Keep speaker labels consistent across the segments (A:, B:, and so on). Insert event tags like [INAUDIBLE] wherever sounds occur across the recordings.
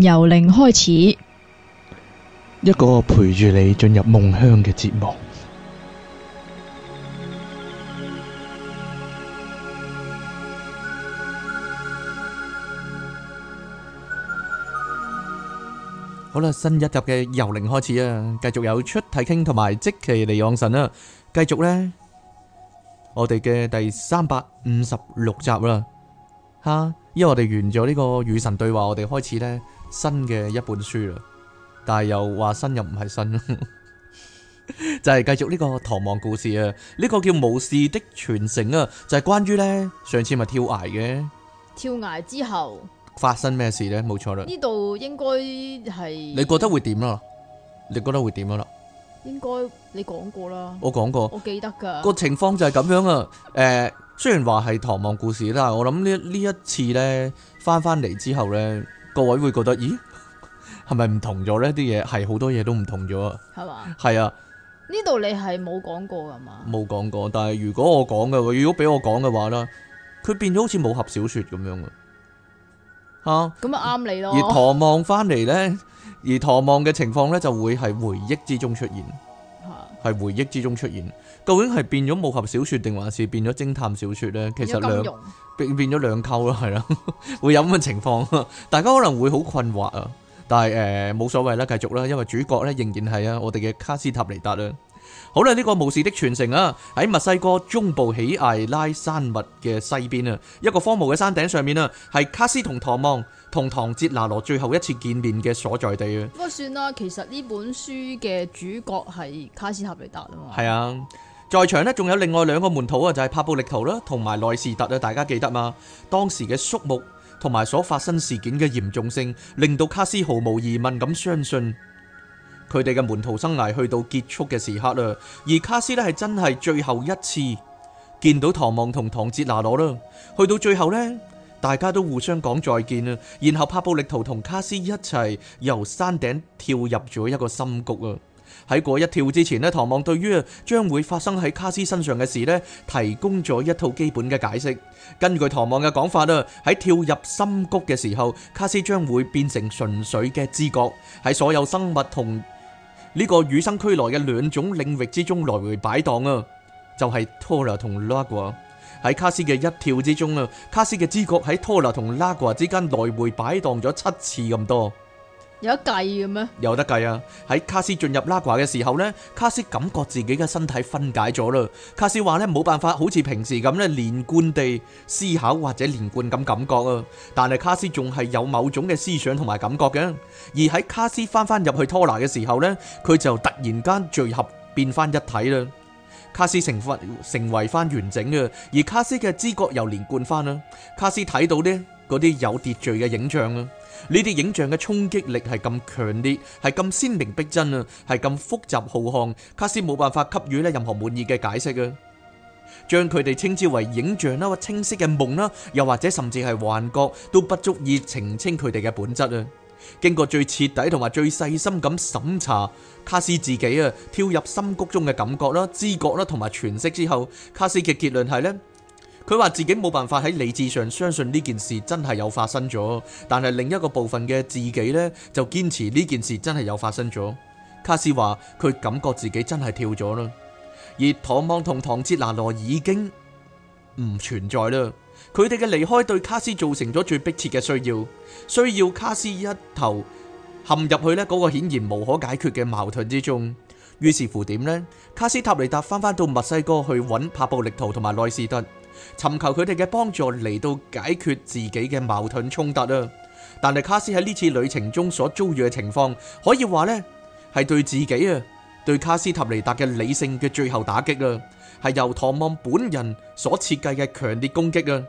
A: 由零開
B: 始，一個陪住你進入夢鄉嘅節目。好啦，新一集嘅由零開始啊，繼續有出體傾同埋即其離往神啦。繼續咧，我哋嘅第三百五十六集啦。哈，因為我哋完咗呢個與神對話，我哋開始咧。新嘅一本書啦，但係又話新又唔係新， [LAUGHS] 就係繼續呢個《唐望故事》啊。呢個叫《巫士的傳承》啊，就係、是、關於呢上次咪跳崖嘅，
A: 跳崖之後
B: 發生咩事呢？冇錯啦，呢
A: 度應該係你
B: 覺得會點啦？你覺得會點啦？應該你
A: 講過啦，我講過，我記得噶個
B: 情況就係咁樣啊。誒、呃，雖然話係《唐望故事》，但我諗呢呢一次呢，翻翻嚟之後呢。各位會覺得，咦，係咪唔同咗呢？啲嘢係好多嘢都唔同咗吧啊，係嘛？
A: 係啊，呢度你係冇講過噶嘛？
B: 冇講過，但係如果我講嘅話，如果俾我講嘅話啦，佢變咗好似武俠小說咁樣啊，吓，
A: 咁咪啱你咯。而唐
B: 望翻嚟呢，而唐望嘅情況呢，就會係回憶之中出現，係、啊、回憶之中出現，究竟係變咗武俠小說定還是變咗偵探小說呢？其實兩。變咗兩溝咯，係咯，會有咁嘅情況，大家可能會好困惑啊，但係誒冇所謂啦，繼續啦，因為主角咧仍然係啊，我哋嘅卡斯塔尼達啊，好啦，呢、這個《巫士的傳承》啊，喺墨西哥中部喜艾拉山脈嘅西邊啊，一個荒蕪嘅山頂上面啊，係卡斯同唐望同唐哲拿羅最後一次見面嘅所在地啊。
A: 不過算啦，其實呢本書嘅主角係卡斯塔尼達啊嘛。
B: 係啊。在場呢，仲有另外兩個門徒啊，就係帕布力圖啦，同埋內士特啊，大家記得嘛？當時嘅肅穆同埋所發生事件嘅嚴重性，令到卡斯毫無疑問咁相信佢哋嘅門徒生涯去到結束嘅時刻啦。而卡斯呢係真係最後一次見到唐望同唐哲拿羅啦。去到最後呢，大家都互相講再見啊，然後帕布力圖同卡斯一齊由山頂跳入咗一個深谷啊。喺嗰一跳之前咧，唐望對於啊將會發生喺卡斯身上嘅事咧，提供咗一套基本嘅解釋。根據唐望嘅講法啊，喺跳入深谷嘅時候，卡斯將會變成純粹嘅知覺，喺所有生物同呢個與生俱來嘅兩種領域之中來回擺蕩啊。就係托拉同拉古喺卡斯嘅一跳之中啊，卡斯嘅知覺喺托拉同拉古之間來回擺蕩咗七次咁多。
A: 計有得計嘅咩？
B: 有得計啊！喺卡斯進入拉瓜嘅時候呢，卡斯感覺自己嘅身體分解咗啦。卡斯話呢冇辦法好似平時咁呢連貫地思考或者連貫咁感覺啊。但係卡斯仲係有某種嘅思想同埋感覺嘅。而喺卡斯翻翻入去拖拿嘅時候呢，佢就突然間聚合變翻一體啦。卡斯成為成為翻完整啊，而卡斯嘅知覺又連貫翻啦。卡斯睇到呢嗰啲有秩序嘅影像啊。呢啲影像嘅衝擊力係咁強烈，係咁鮮明逼真啊，係咁複雜浩瀚，卡斯冇辦法給予咧任何滿意嘅解釋啊！將佢哋稱之為影像啦，或清晰嘅夢啦，又或者甚至係幻覺都不足以澄清佢哋嘅本質啊！經過最徹底同埋最細心咁審查，卡斯自己啊跳入深谷中嘅感覺啦、知覺啦同埋詮釋之後，卡斯嘅結論係呢。佢話自己冇辦法喺理智上相信呢件事真係有發生咗，但係另一個部分嘅自己呢，就堅持呢件事真係有發生咗。卡斯話佢感覺自己真係跳咗啦，而唐望同唐哲拿羅已經唔存在啦。佢哋嘅離開對卡斯造成咗最迫切嘅需要，需要卡斯一頭陷入去呢嗰個顯然無可解決嘅矛盾之中。於是乎點呢？卡斯塔尼達翻返到墨西哥去揾帕布力圖同埋奈士德。尋求佢哋嘅幫助嚟到解決自己嘅矛盾衝突啊！但係卡斯喺呢次旅程中所遭遇嘅情況，可以話呢係對自己啊，對卡斯塔尼達嘅理性嘅最後打擊啊，係由唐望本人所設計嘅強烈攻擊啊！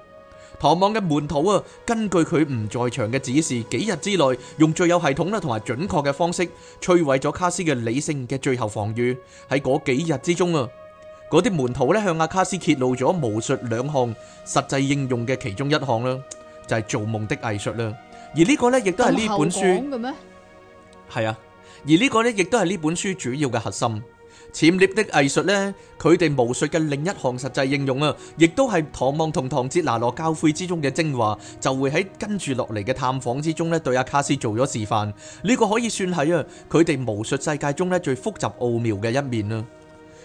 B: 唐望嘅門徒啊，根據佢唔在場嘅指示，幾日之內用最有系統啦同埋準確嘅方式摧毀咗卡斯嘅理性嘅最後防禦喺嗰幾日之中啊！嗰啲門徒咧向阿卡斯揭露咗巫術兩項實際應用嘅其中一項啦，就係做夢的藝術啦。而呢個咧亦都係呢本書係啊。而呢個咧亦都係呢本書主要嘅核心。潛獵的藝術咧，佢哋巫術嘅另一項實際應用啊，亦都係唐望同唐哲拿羅教誨之中嘅精華，就會喺跟住落嚟嘅探訪之中咧對阿卡斯做咗示範。呢個可以算係啊佢哋巫術世界中咧最複雜奧妙嘅一面啦。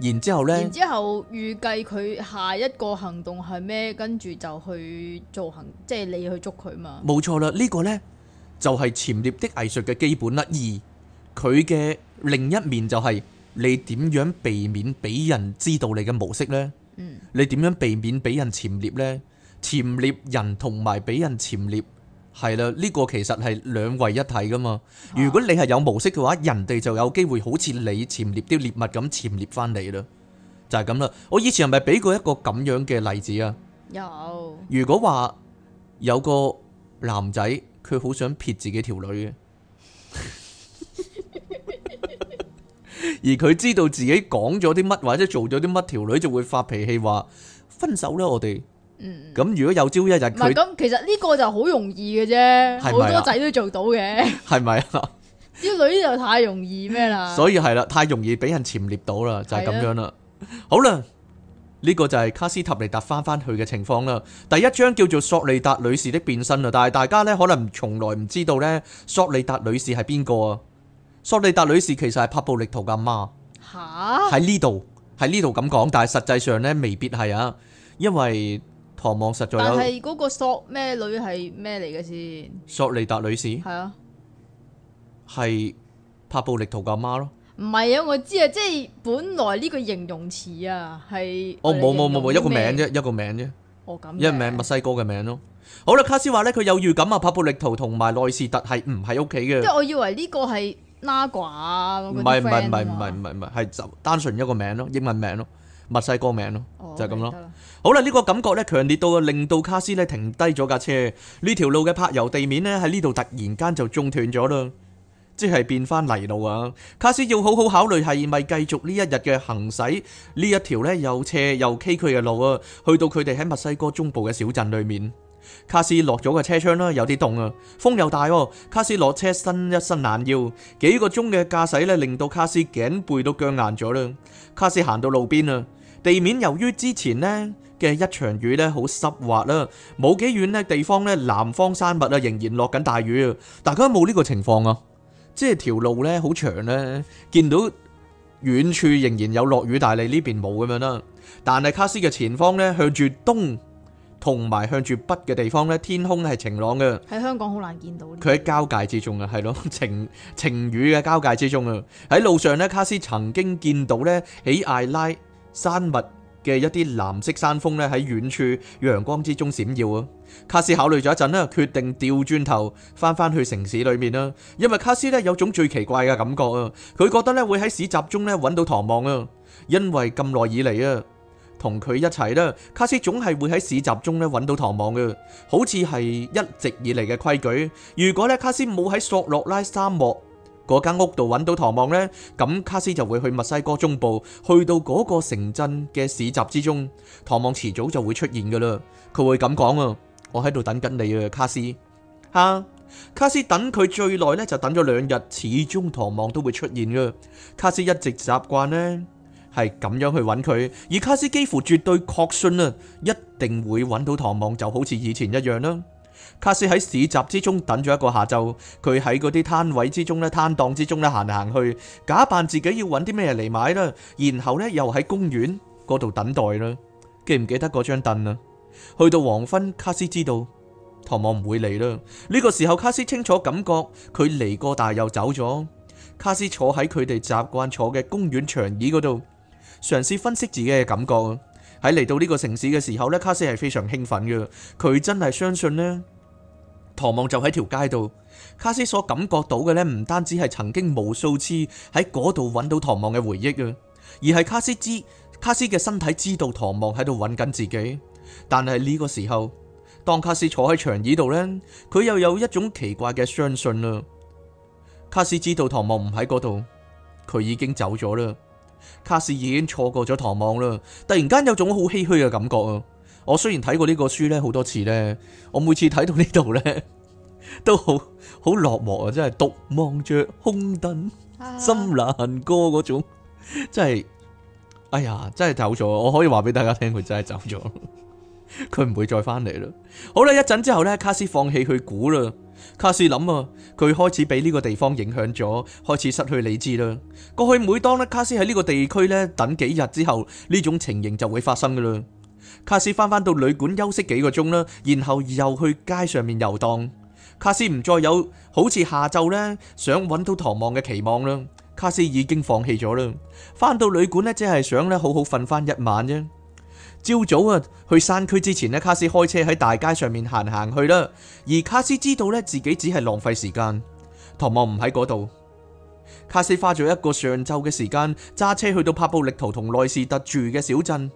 B: 然之後咧，然之
A: 後預計佢下一個行動係咩？跟住就去做行，即係你去捉佢嘛？冇
B: 錯啦，呢個呢就係潛獵的藝術嘅基本啦。二佢嘅另一面就係你點樣避免俾人知道你嘅模式呢？嗯，你點樣避免俾人潛獵呢？潛獵人同埋俾人潛獵。係啦，呢、啊這個其實係兩位一體噶嘛。啊、如果你係有模式嘅話，人哋就有機會好似你潛獵啲獵物咁潛獵翻你啦，就係咁啦。我以前係咪俾過一個咁樣嘅例子啊？
A: 有。
B: 如果話有個男仔，佢好想撇自己條女嘅， [LAUGHS] [LAUGHS] [LAUGHS] 而佢知道自己講咗啲乜或者做咗啲乜，條女就會發脾氣話分手啦，我哋。嗯，咁如果有朝一日佢，咁
A: 其實呢個就好容易嘅啫，好多仔都做到嘅，係咪啊？啲女就太容易咩啦？所
B: 以係啦，太容易俾人潛獵到啦，就係咁樣啦。好啦，呢個就係卡斯塔利達翻翻去嘅情況啦。第一章叫做索莉達女士的變身啦，但係大家呢可能從來唔知道呢，索莉達女士係邊個啊？索莉達女士其實係帕布利圖嘅媽，
A: 吓，喺呢
B: 度喺呢度咁講，但係實際上呢未必係啊，因為。唐望實在有，但係
A: 嗰個索咩女係咩嚟嘅先？
B: 索莉達女士係啊，係帕布力圖嘅阿媽咯。
A: 唔係啊，我知啊，即係本來呢個形容詞啊係。哦，冇冇冇冇一個名啫，
B: 一個名啫。哦咁，一個名墨西哥嘅名咯。好啦，卡斯話咧，佢有預感啊，帕布力圖同埋內士特係唔喺屋企嘅。即係
A: 我以為呢個係拉寡。唔係唔係唔係
B: 唔係唔係唔係，係就單純一個名咯，英文名咯。墨西哥名咯，就係咁咯。好啦，呢個感覺咧強烈到啊，令到卡斯咧停低咗架車。呢條路嘅柏油地面咧喺呢度突然間就中斷咗啦，即係變翻泥路啊！卡斯要好好考慮係咪繼續呢一日嘅行駛呢一條咧又斜又崎嶇嘅路啊。去到佢哋喺墨西哥中部嘅小鎮裏面，卡斯落咗個車窗啦，有啲凍啊，風又大哦。卡斯落車伸一伸懶腰，幾個鐘嘅駕駛咧令到卡斯頸背都僵硬咗啦。卡斯行到路邊啊。地面由於之前呢嘅一場雨咧好濕滑啦，冇幾遠呢，地方咧南方山脈啊仍然落緊大雨，啊。大家冇呢個情況啊，即係條路咧好長咧，見到遠處仍然有落雨，但你呢邊冇咁樣啦。但係卡斯嘅前方咧向住東同埋向住北嘅地方咧天空係晴朗嘅，
A: 喺香港好難見到。
B: 佢喺交界之中啊，係咯，晴晴雨嘅交界之中啊。喺路上咧，卡斯曾經見到咧喜艾拉。山脈嘅一啲藍色山峰咧喺遠處陽光之中閃耀啊！卡斯考慮咗一陣咧，決定調轉頭返返去城市裏面啦。因為卡斯咧有種最奇怪嘅感覺啊，佢覺得咧會喺市集中咧搵到唐望啊。因為咁耐以嚟啊，同佢一齊啦，卡斯總係會喺市集中咧搵到唐望嘅，好似係一直以嚟嘅規矩。如果咧卡斯冇喺索洛拉沙漠，嗰間屋度揾到唐望呢，咁卡斯就會去墨西哥中部，去到嗰個城鎮嘅市集之中，唐望遲早就會出現㗎啦。佢會咁講啊，我喺度等緊你啊，卡斯。吓，卡斯等佢最耐呢，就等咗兩日，始終唐望都會出現㗎。卡斯一直習慣呢，係咁樣去揾佢，而卡斯幾乎絕對確信啊，一定會揾到唐望，就好似以前一樣啦。卡斯喺市集之中等咗一個下晝，佢喺嗰啲攤位之中咧，攤檔之中咧行嚟行去，假扮自己要揾啲咩嚟買啦。然後咧又喺公園嗰度等待啦。記唔記得嗰張凳啊？去到黃昏，卡斯知道唐望唔會嚟啦。呢、這個時候，卡斯清楚感覺佢嚟過但又走咗。卡斯坐喺佢哋習慣坐嘅公園長椅嗰度，嘗試分析自己嘅感覺。喺嚟到呢個城市嘅時候咧，卡斯係非常興奮嘅。佢真係相信呢。唐望就喺條街度，卡斯所感覺到嘅呢，唔單止係曾經無數次喺嗰度揾到唐望嘅回憶啊，而係卡斯知卡斯嘅身體知道唐望喺度揾緊自己。但係呢個時候，當卡斯坐喺長椅度呢，佢又有一種奇怪嘅相信啦。卡斯知道唐望唔喺嗰度，佢已經走咗啦。卡斯已經錯過咗唐望啦，突然間有種好唏噓嘅感覺啊！我雖然睇過呢個書咧好多次咧，我每次睇到呢度咧，都好好落寞啊！真係獨望着空燈，心難恨歌嗰種，真係哎呀，真係走咗！我可以話俾大家聽，佢真係走咗，佢 [LAUGHS] 唔會再翻嚟啦。好啦，一陣之後咧，卡斯放棄去估啦。卡斯諗啊，佢開始俾呢個地方影響咗，開始失去理智啦。過去每當咧卡斯喺呢個地區咧等幾日之後，呢種情形就會發生噶啦。卡斯返返到旅館休息幾個鐘啦，然後又去街上面遊蕩。卡斯唔再有好似下晝呢想揾到唐望嘅期望啦。卡斯已經放棄咗啦。返到旅館呢，即係想咧好好瞓翻一晚啫。朝早啊，去山區之前呢，卡斯開車喺大街上面行行去啦。而卡斯知道呢，自己只係浪費時間。唐望唔喺嗰度。卡斯花咗一個上晝嘅時間揸車去到帕布力圖同內士特住嘅小鎮。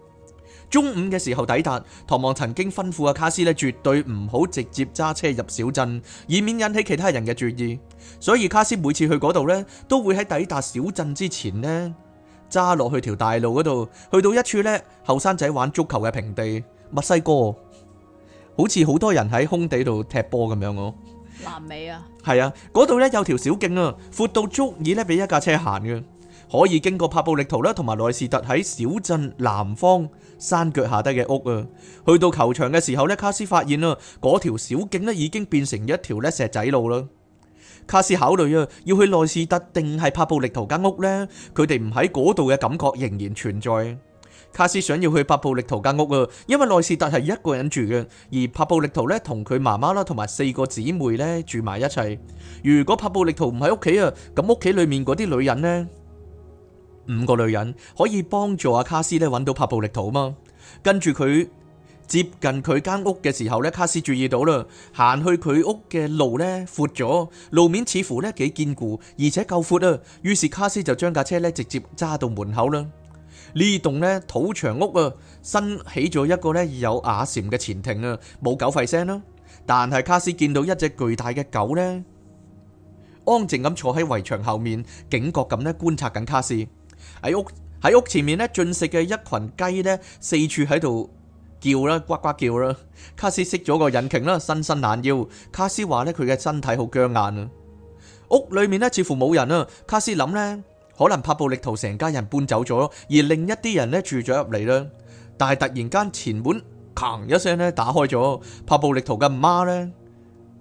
B: 中午嘅時候抵達，唐望曾經吩咐阿卡斯咧，絕對唔好直接揸車入小鎮，以免引起其他人嘅注意。所以卡斯每次去嗰度咧，都會喺抵達小鎮之前呢揸落去條大路嗰度，去到一處呢後生仔玩足球嘅平地，墨西哥，好似好多人喺空地度踢波咁樣哦。
A: 南美啊？
B: 係啊，嗰度呢有條小徑啊，闊到足以呢俾一架車行嘅。可以經過帕布力圖咧，同埋內士特喺小鎮南方山腳下底嘅屋啊。去到球場嘅時候咧，卡斯發現啊，嗰條小徑咧已經變成一條咧石仔路啦。卡斯考慮啊，要去內士特定係帕布力圖間屋咧。佢哋唔喺嗰度嘅感覺仍然存在。卡斯想要去帕布力圖間屋啊，因為內士特係一個人住嘅，而帕布力圖咧同佢媽媽啦，同埋四個姊妹咧住埋一齊。如果帕布力圖唔喺屋企啊，咁屋企裏面嗰啲女人咧？五個女人可以幫助阿卡斯揾到拍布力圖嘛？跟住佢接近佢間屋嘅時候呢，卡斯注意到啦，行去佢屋嘅路呢闊咗，路面似乎呢幾堅固，而且夠闊啊。於是卡斯就將架車呢直接揸到門口啦。呢棟呢土牆屋啊，新起咗一個呢有瓦檐嘅前庭啊，冇狗吠聲啦。但係卡斯見到一隻巨大嘅狗呢，安靜咁坐喺圍牆後面，警覺咁呢觀察緊卡斯。喺屋喺屋前面咧，進食嘅一群雞咧，四處喺度叫啦，呱呱叫啦。卡斯熄咗個引擎啦，伸伸懶腰。卡斯話咧，佢嘅身體好僵硬啊。屋裏面咧，似乎冇人啊。卡斯諗咧，可能帕布力圖成家人搬走咗，而另一啲人咧住咗入嚟。啦，但係突然間前門砰一聲咧打開咗，帕布力圖嘅媽咧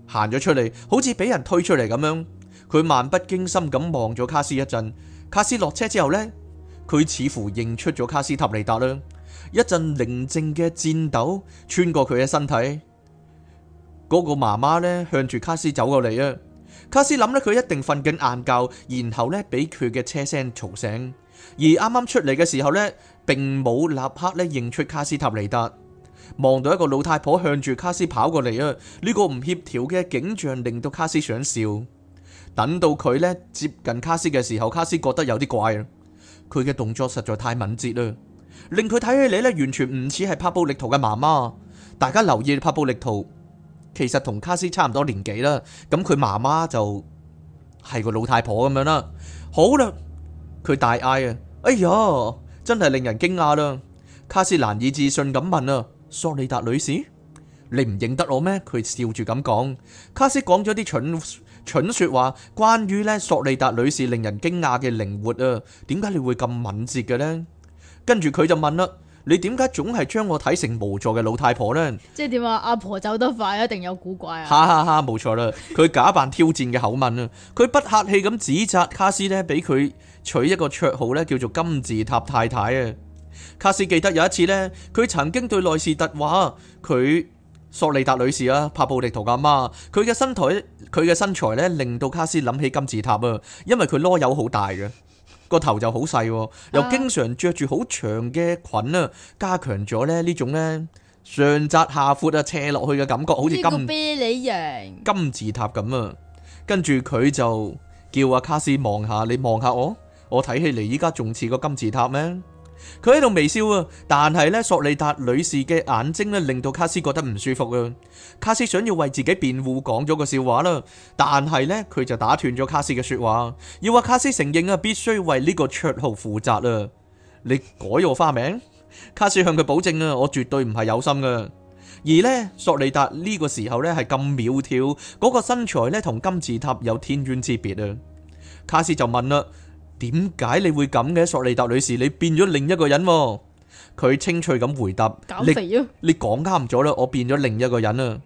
B: 行咗出嚟，好似俾人推出嚟咁樣。佢漫不經心咁望咗卡斯一陣，卡斯落車之後咧。佢似乎認出咗卡斯塔尼達啦，一陣寧靜嘅顫抖穿過佢嘅身體。嗰個媽媽咧向住卡斯走過嚟啊！卡斯諗咧佢一定瞓緊晏覺，然後咧俾佢嘅車聲吵醒。而啱啱出嚟嘅時候咧，並冇立刻咧認出卡斯塔尼達。望到一個老太婆向住卡斯跑過嚟啊！呢個唔協調嘅景象令到卡斯想笑。等到佢咧接近卡斯嘅時候，卡斯覺得有啲怪啊！佢嘅動作實在太敏捷啦，令佢睇起嚟，咧完全唔似係帕布力圖嘅媽媽。大家留意帕布力圖，其實同卡斯差唔多年紀啦。咁佢媽媽就係個老太婆咁樣啦。好啦，佢大嗌，啊，哎呀，真係令人驚訝啦！卡斯難以置信咁問啊，索莉達女士，你唔認得我咩？佢笑住咁講。卡斯講咗啲蠢蠢說話，關於呢索利達女士令人驚訝嘅靈活啊，點解你會咁敏捷嘅呢？跟住佢就問啦，你點解總係將我睇成無助嘅老太婆呢？」
A: 即係點啊？阿婆走得快，一定有古怪啊！
B: 哈哈哈，冇錯啦，佢假扮挑戰嘅口吻啊，佢不客氣咁指責卡斯呢，俾佢取一個綽號呢叫做金字塔太太啊！卡斯記得有一次呢，佢曾經對內士特話，佢索利達女士啊，帕布利圖阿媽，佢嘅身體。佢嘅身材咧，令到卡斯諗起金字塔啊，因為佢籮柚好大嘅，個頭就好細，又經常着住好長嘅裙啊，加強咗咧呢種咧上窄下闊啊，斜落去嘅感覺好似金金字塔咁啊。跟住佢就叫阿卡斯望下，你望下我，我睇起嚟依家仲似個金字塔咩？佢喺度微笑啊，但係咧，索利達女士嘅眼睛咧，令到卡斯覺得唔舒服啊。卡斯想要為自己辯護，講咗個笑話啦，但係咧，佢就打斷咗卡斯嘅說話，要話卡斯承認啊，必須為呢個綽號負責啊。你改我花名？卡斯向佢保證啊，我絕對唔係有心噶。而呢，索利達呢個時候咧係咁苗條，嗰個身材咧同金字塔有天淵之別啊。卡斯就問啦。點解你會咁嘅，索莉達女士？你變咗另一個人？佢清脆咁回答：搞掂咗！你你講啱咗啦，我變咗另一個人啦。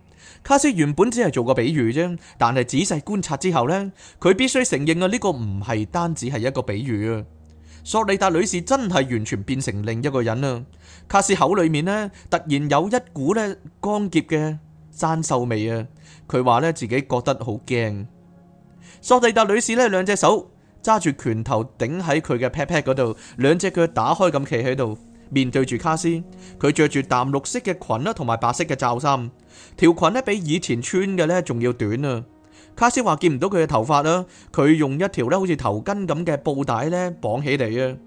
B: 卡斯原本只係做個比喻啫，但係仔細觀察之後咧，佢必須承認啊，呢個唔係單只係一個比喻啊。索莉達女士真係完全變成另一個人啊。卡斯口裏面咧突然有一股咧乾澀嘅生銹味啊！佢話咧自己覺得好驚。索莉達女士咧兩隻手。揸住拳頭頂喺佢嘅 pat pat 嗰度，兩隻腳打開咁企喺度，面對住卡斯。佢着住淡綠色嘅裙啦，同埋白色嘅罩衫。條裙咧比以前穿嘅咧仲要短啊。卡斯話見唔到佢嘅頭髮啦，佢用一條咧好似頭巾咁嘅布帶咧綁起嚟啊。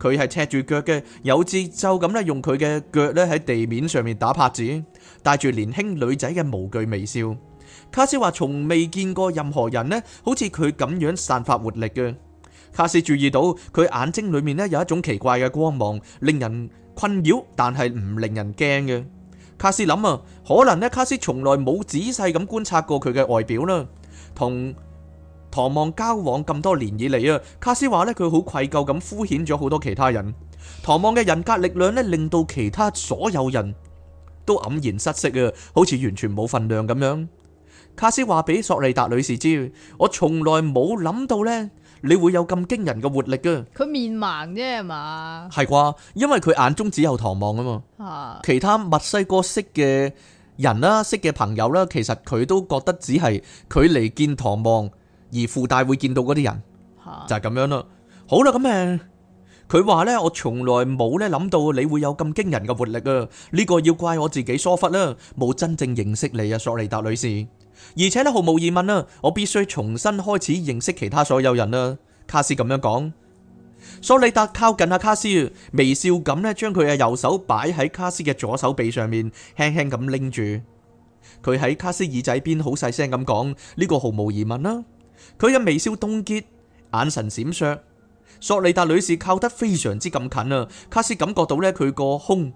B: 佢係赤住腳嘅，有節奏咁咧用佢嘅腳咧喺地面上面打拍子，帶住年輕女仔嘅無懼微笑。卡斯話：從未見過任何人呢好似佢咁樣散發活力嘅。卡斯注意到佢眼睛裏面呢有一種奇怪嘅光芒，令人困擾，但係唔令人驚嘅。卡斯諗啊，可能呢卡斯從來冇仔細咁觀察過佢嘅外表啦。同唐望交往咁多年以嚟啊，卡斯話呢，佢好愧疚咁敷衍咗好多其他人。唐望嘅人格力量呢，令到其他所有人都黯然失色啊，好似完全冇份量咁樣。卡斯話俾索莉達女士知，我從來冇諗到咧，你會有咁驚人嘅活力噶。
A: 佢面盲啫，係嘛？
B: 係啩？因為佢眼中只有唐望啊嘛。啊。其他墨西哥識嘅人啦，識嘅朋友啦，其實佢都覺得只係佢嚟見唐望，而附帶會見到嗰啲人，就係咁樣咯。好啦，咁誒，佢話咧，我從來冇咧諗到你會有咁驚人嘅活力啊！呢個要怪我自己，疏忽啦，冇真正認識你啊，索莉達女士。而且呢，毫無疑問啊，我必須重新開始認識其他所有人啦。卡斯咁樣講。索利達靠近下卡斯，微笑咁咧，將佢嘅右手擺喺卡斯嘅左手臂上面，輕輕咁拎住。佢喺卡斯耳仔邊好細聲咁講：呢個毫無疑問啦。佢嘅微笑凍結，眼神閃爍。索利達女士靠得非常之咁近啊！卡斯感覺到呢，佢個胸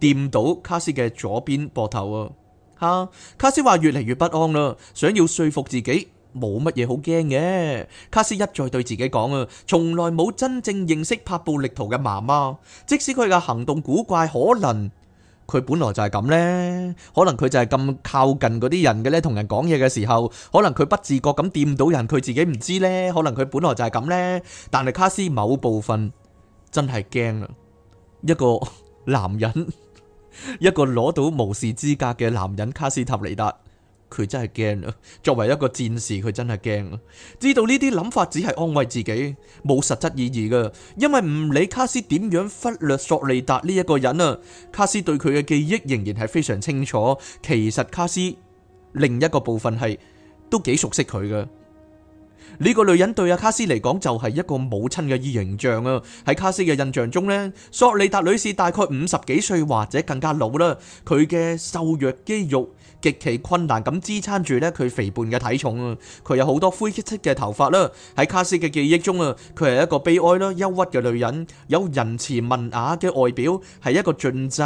B: 掂到卡斯嘅左邊膊頭啊！哈、啊，卡斯話越嚟越不安啦，想要說服自己冇乜嘢好驚嘅。卡斯一再對自己講啊，從來冇真正認識拍布力圖嘅媽媽，即使佢嘅行動古怪，可能佢本來就係咁呢？可能佢就係咁靠近嗰啲人嘅呢，同人講嘢嘅時候，可能佢不自覺咁掂到人，佢自己唔知呢？可能佢本來就係咁呢？但係卡斯某部分真係驚啊，一個男人。 [LAUGHS] 一個攞到無視資格嘅男人卡斯塔尼達，佢真係驚啊！作為一個戰士，佢真係驚啊！知道呢啲諗法只係安慰自己，冇實質意義噶。因為唔理卡斯點樣忽略索利達呢一個人啊，卡斯對佢嘅記憶仍然係非常清楚。其實卡斯另一個部分係都幾熟悉佢噶。呢個女人對阿卡斯嚟講就係一個母親嘅形象啊！喺卡斯嘅印象中呢，索利達女士大概五十幾歲或者更加老啦。佢嘅瘦弱肌肉極其困難咁支撐住呢佢肥胖嘅體重啊！佢有好多灰戚戚嘅頭髮啦。喺卡斯嘅記憶中啊，佢係一個悲哀啦、憂鬱嘅女人，有仁慈文雅嘅外表，係一個盡責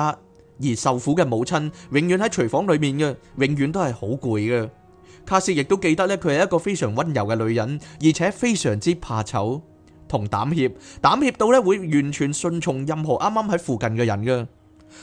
B: 而受苦嘅母親，永遠喺廚房裏面嘅，永遠都係好攰嘅。卡斯亦都記得咧，佢係一個非常溫柔嘅女人，而且非常之怕醜同膽怯，膽怯到咧會完全順從任何啱啱喺附近嘅人噶。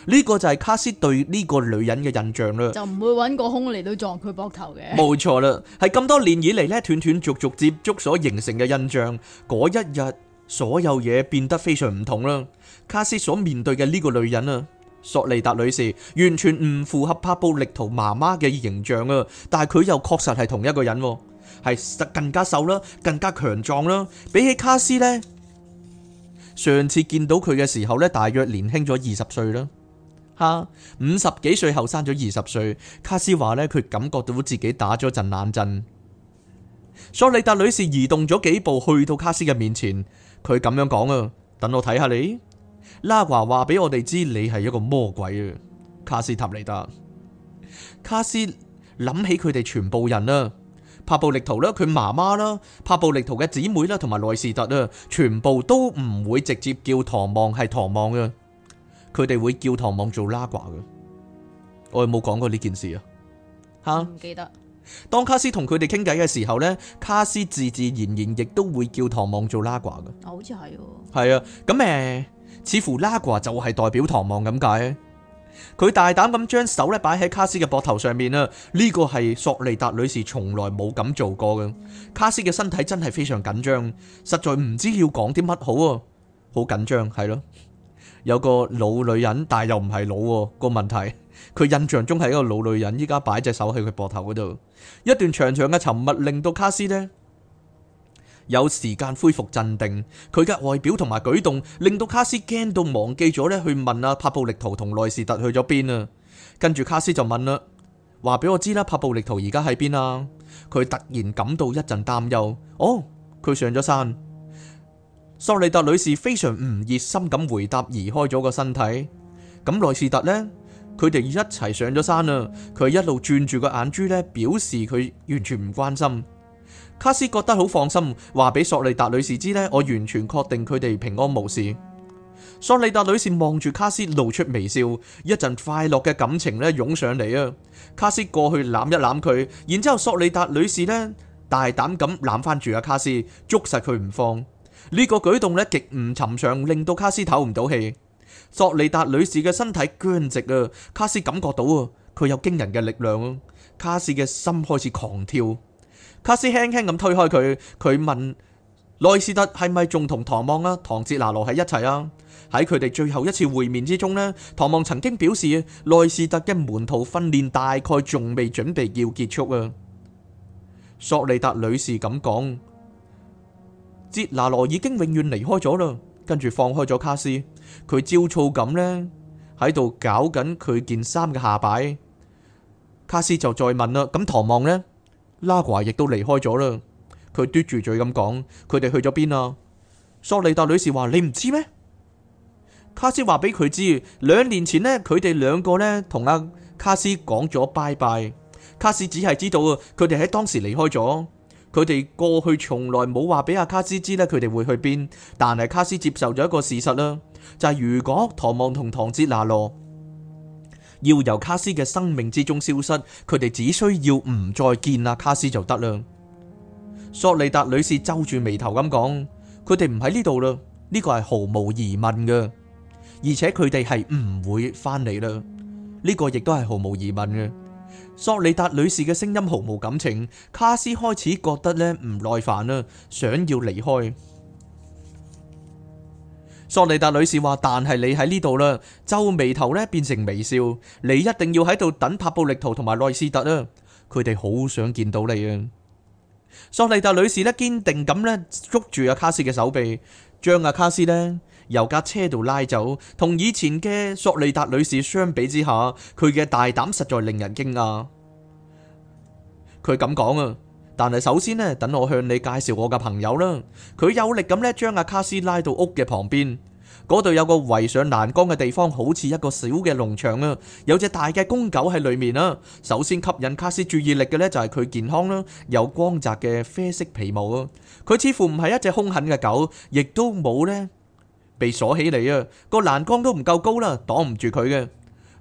B: 呢個就係卡斯對呢個女人嘅印象啦。就
A: 唔會搵個空嚟到撞佢膊頭嘅。
B: 冇錯啦，係咁多年以嚟咧斷斷續續接觸所形成嘅印象。嗰一日所有嘢變得非常唔同啦，卡斯所面對嘅呢個女人啊。索利達女士完全唔符合帕布力圖媽媽嘅形象啊！但係佢又確實係同一個人，係更加瘦啦，更加強壯啦。比起卡斯呢，上次見到佢嘅時候呢，大約年輕咗二十歲啦。吓、啊，五十幾歲後生咗二十歲。卡斯話呢，佢感覺到自己打咗陣冷震。索利達女士移動咗幾步去到卡斯嘅面前，佢咁樣講啊：等我睇下你。拉華話俾我哋知，你係一個魔鬼啊！卡斯塔尼達，卡斯諗起佢哋全部人啦，帕布力圖啦，佢媽媽啦，帕布力圖嘅姊妹啦，同埋內斯特啊，全部都唔會直接叫唐望係唐望嘅。佢哋會叫唐望做拉華嘅。我有冇講過呢件事啊？吓，唔記得。當卡斯同佢哋傾偈嘅時候呢，卡斯自自然然亦都會叫唐望做拉華嘅。啊、哦，好似係。係啊，咁誒。呃似乎拉古就係代表唐望咁解，佢大膽咁將手咧擺喺卡斯嘅膊頭上面啊！呢個係索莉達女士從來冇咁做過嘅。卡斯嘅身體真係非常緊張，實在唔知要講啲乜好啊！好緊張，係咯，有個老女人，但又唔係老個問題。佢印象中係一個老女人，依家擺隻手喺佢膊頭嗰度，一段長長嘅沉默令到卡斯呢。有時間恢復鎮定，佢嘅外表同埋舉動令到卡斯驚到忘記咗咧去問阿帕布力圖同內士特去咗邊啊。跟住卡斯就問啦，話俾我知啦，帕布力圖而家喺邊啊？佢突然感到一陣擔憂。哦，佢上咗山。索莉達女士非常唔熱心咁回答，移開咗個身體。咁內士特呢，佢哋一齊上咗山啦。佢一路轉住個眼珠咧，表示佢完全唔關心。卡斯覺得好放心，話俾索莉達女士知呢，我完全確定佢哋平安無事。索莉達女士望住卡斯，露出微笑，一陣快樂嘅感情呢湧上嚟啊！卡斯過去攬一攬佢，然之後索莉達女士呢，大膽咁攬翻住阿卡斯，捉實佢唔放。呢個舉動呢，極唔尋常，令到卡斯唞唔到氣。索莉達女士嘅身體僵直啊，卡斯感覺到啊，佢有驚人嘅力量啊，卡斯嘅心開始狂跳。卡斯輕輕咁推開佢，佢問內斯特係咪仲同唐望啊、唐哲拿羅喺一齊啊？喺佢哋最後一次會面之中呢，唐望曾經表示內斯特嘅門徒訓練大概仲未準備要結束啊。索莉達女士咁講，哲拿羅已經永遠離開咗啦，跟住放開咗卡斯，佢焦躁咁呢喺度搞緊佢件衫嘅下擺。卡斯就再問啦，咁唐望呢？拉華亦都離開咗啦，佢嘟住嘴咁講。佢哋去咗邊啊？索利達女士話：你唔知咩？卡斯話俾佢知，兩年前呢，佢哋兩個呢同阿卡斯講咗拜拜。卡斯只係知道佢哋喺當時離開咗，佢哋過去從來冇話俾阿卡斯知呢，佢哋會去邊。但係卡斯接受咗一個事實啦，就係如果唐望同唐哲拿羅。要由卡斯嘅生命之中消失，佢哋只需要唔再見阿卡斯就得啦。索利達女士皺住眉頭咁講，佢哋唔喺呢度啦，呢個係毫無疑問嘅，而且佢哋係唔會翻嚟啦，呢個亦都係毫無疑問嘅。索利達女士嘅聲音毫無感情，卡斯開始覺得呢唔耐煩啦，想要離開。索利達女士話：但係你喺呢度啦，皺眉頭咧，變成微笑。你一定要喺度等拍布力圖同埋內斯特啊！佢哋好想見到你啊！索利達女士呢，堅定咁咧捉住阿卡斯嘅手臂，將阿卡斯呢由架車度拉走。同以前嘅索利達女士相比之下，佢嘅大膽實在令人驚訝。佢咁講啊！但係首先咧，等我向你介紹我嘅朋友啦。佢有力咁咧，將阿卡斯拉到屋嘅旁邊嗰度，有個圍上欄杆嘅地方，好似一個小嘅農場啊。有隻大嘅公狗喺裏面啊。首先吸引卡斯注意力嘅咧，就係佢健康啦，有光澤嘅啡色皮毛啊。佢似乎唔係一隻凶狠嘅狗，亦都冇咧被鎖起嚟啊。個欄杆都唔夠高啦，擋唔住佢嘅。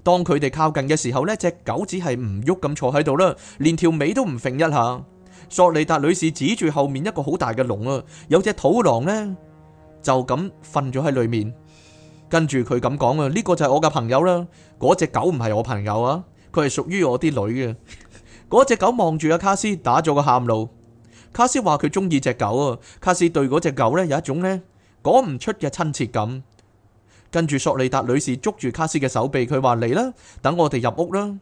B: 當佢哋靠近嘅時候咧，隻狗只係唔喐咁坐喺度啦，連條尾都唔揈一下。索莉達女士指住後面一個好大嘅籠啊，有隻土狼呢就咁瞓咗喺裏面。跟住佢咁講啊，呢個就係我嘅朋友啦。嗰隻狗唔係我朋友啊，佢係屬於我啲女嘅。嗰 [LAUGHS] 隻狗望住阿卡斯打咗個喊路。卡斯話佢中意隻狗啊。卡斯對嗰隻狗呢，有一種呢講唔出嘅親切感。跟住索莉達女士捉住卡斯嘅手臂，佢話，嚟啦，等我哋入屋啦。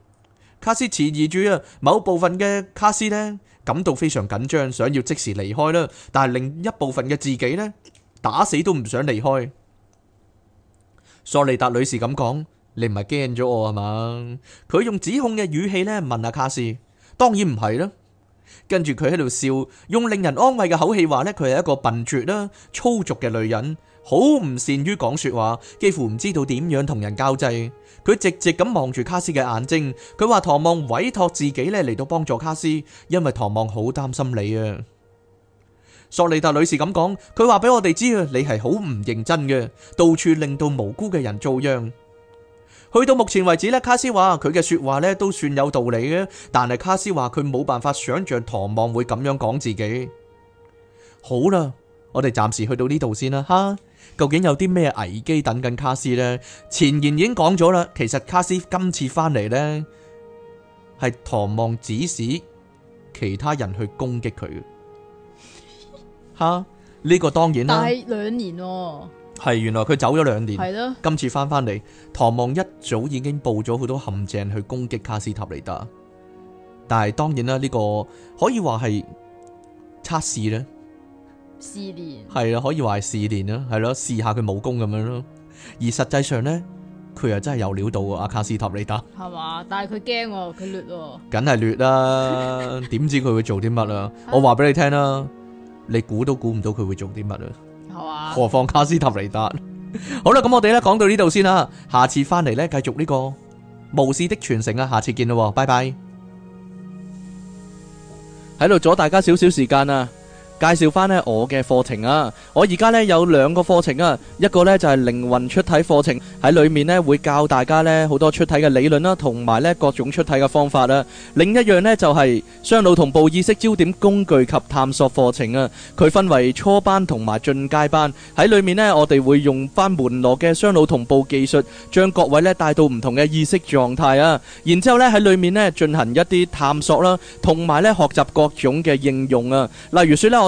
B: 卡斯遲疑住啊，某部分嘅卡斯呢，感到非常緊張，想要即時離開啦，但係另一部分嘅自己呢，打死都唔想離開。索利達女士咁講，你唔係驚咗我吖嘛？佢用指控嘅語氣呢問阿卡士，當然唔係啦。跟住佢喺度笑，用令人安慰嘅口氣話呢，佢係一個笨拙啦、粗俗嘅女人。好唔善於講說話，幾乎唔知道點樣同人交際。佢直直咁望住卡斯嘅眼睛。佢話唐望委託自己咧嚟到幫助卡斯，因為唐望好擔心你啊。索莉達女士咁講，佢話俾我哋知啊，你係好唔認真嘅，到處令到無辜嘅人遭殃。去到目前為止咧，卡斯話佢嘅說話咧都算有道理嘅，但係卡斯話佢冇辦法想象唐望會咁樣講自己。好啦，我哋暫時去到呢度先啦，吓。究竟有啲咩危機等緊卡斯呢？前言已經講咗啦，其實卡斯今次翻嚟呢，係唐望指使其他人去攻擊佢吓。呢、這個當然啦，大兩年係、哦、原來佢走咗兩年，的今次翻翻嚟，唐望一早已經布咗好多陷阱去攻擊卡斯塔尼達。但係當然啦，呢、這個可以話係測試呢。試煉係啊，可以話係試煉啦，係咯，試下佢武功咁樣咯、啊。而實際上咧，佢又真係有料到阿、啊、卡斯塔尼達，係
A: 嘛？但係佢
B: 驚喎，佢劣喎，梗係劣啦。點知佢會做啲乜啊？ [LAUGHS] 我話俾你聽啦，你估都估唔到佢會做啲乜啊吧？係嘛？何況卡斯塔尼達。好啦，咁我哋咧講到呢度先啦，下次翻嚟咧繼續呢、這個巫士的傳承啊！下次見咯，拜拜。喺度阻大家少少時間啊！介紹翻咧我嘅課程啊，我而家咧有兩個課程啊，一個咧就係靈魂出體課程，喺裏面咧會教大家咧好多出體嘅理論啦，同埋咧各種出體嘅方法啦。另一樣咧就係雙腦同步意識焦點工具及探索課程啊，佢分為初班同埋進階班，喺裏面咧我哋會用返門羅嘅雙腦同步技術，將各位咧帶到唔同嘅意識狀態啊，然之後咧喺裏面咧進行一啲探索啦，同埋咧學習各種嘅應用啊，例如說咧我。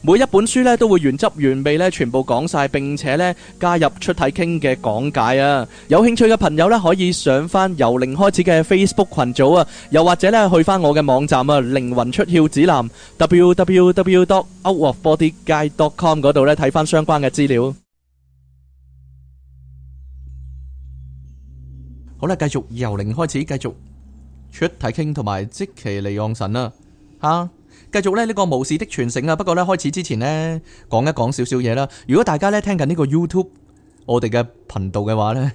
B: 每一本書咧都會原汁原味咧全部講晒，並且咧加入出體傾嘅講解啊！有興趣嘅朋友咧可以上翻由零開始嘅 Facebook 群組啊，又或者咧去翻我嘅網站啊，靈魂出竅指南 www.outofbodyguide.com 嗰度咧睇翻相關嘅資料。好啦，繼續由零開始，繼續出體傾同埋即其利用神啦，吓。繼續咧呢個無事的傳承啊！不過咧開始之前呢，講一講少少嘢啦。如果大家咧聽緊呢個 YouTube 我哋嘅頻道嘅話咧，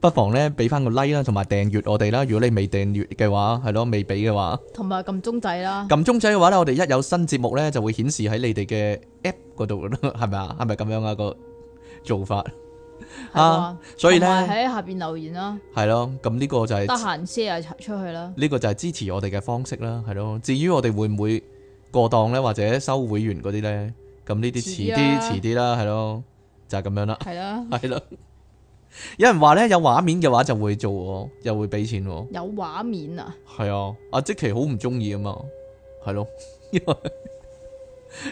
B: 不妨咧俾翻個 like 啦，同埋訂閱我哋啦。如果你未訂閱嘅話，係咯，未俾嘅話，
A: 同埋撳鐘仔啦。
B: 撳鐘仔嘅話咧，我哋一有新節目咧，就會顯示喺你哋嘅 app 度咯，係咪啊？係咪咁樣啊個做法吧啊？所以咧，喺
A: 下邊留言啦，
B: 啊。係咯，咁呢個就係得
A: 閒先 h 出去啦。
B: 呢個就係支持我哋嘅方式啦，係咯。至於我哋會唔會？過檔咧，或者收會員嗰啲咧，咁呢啲遲啲，遲啲啦，係咯，就係咁樣啦。係啦，係啦。有人話咧，有畫面嘅話就會做喎，又會俾錢喎。
A: 有畫面啊？
B: 係啊，阿即奇好唔中意啊嘛，係咯，因為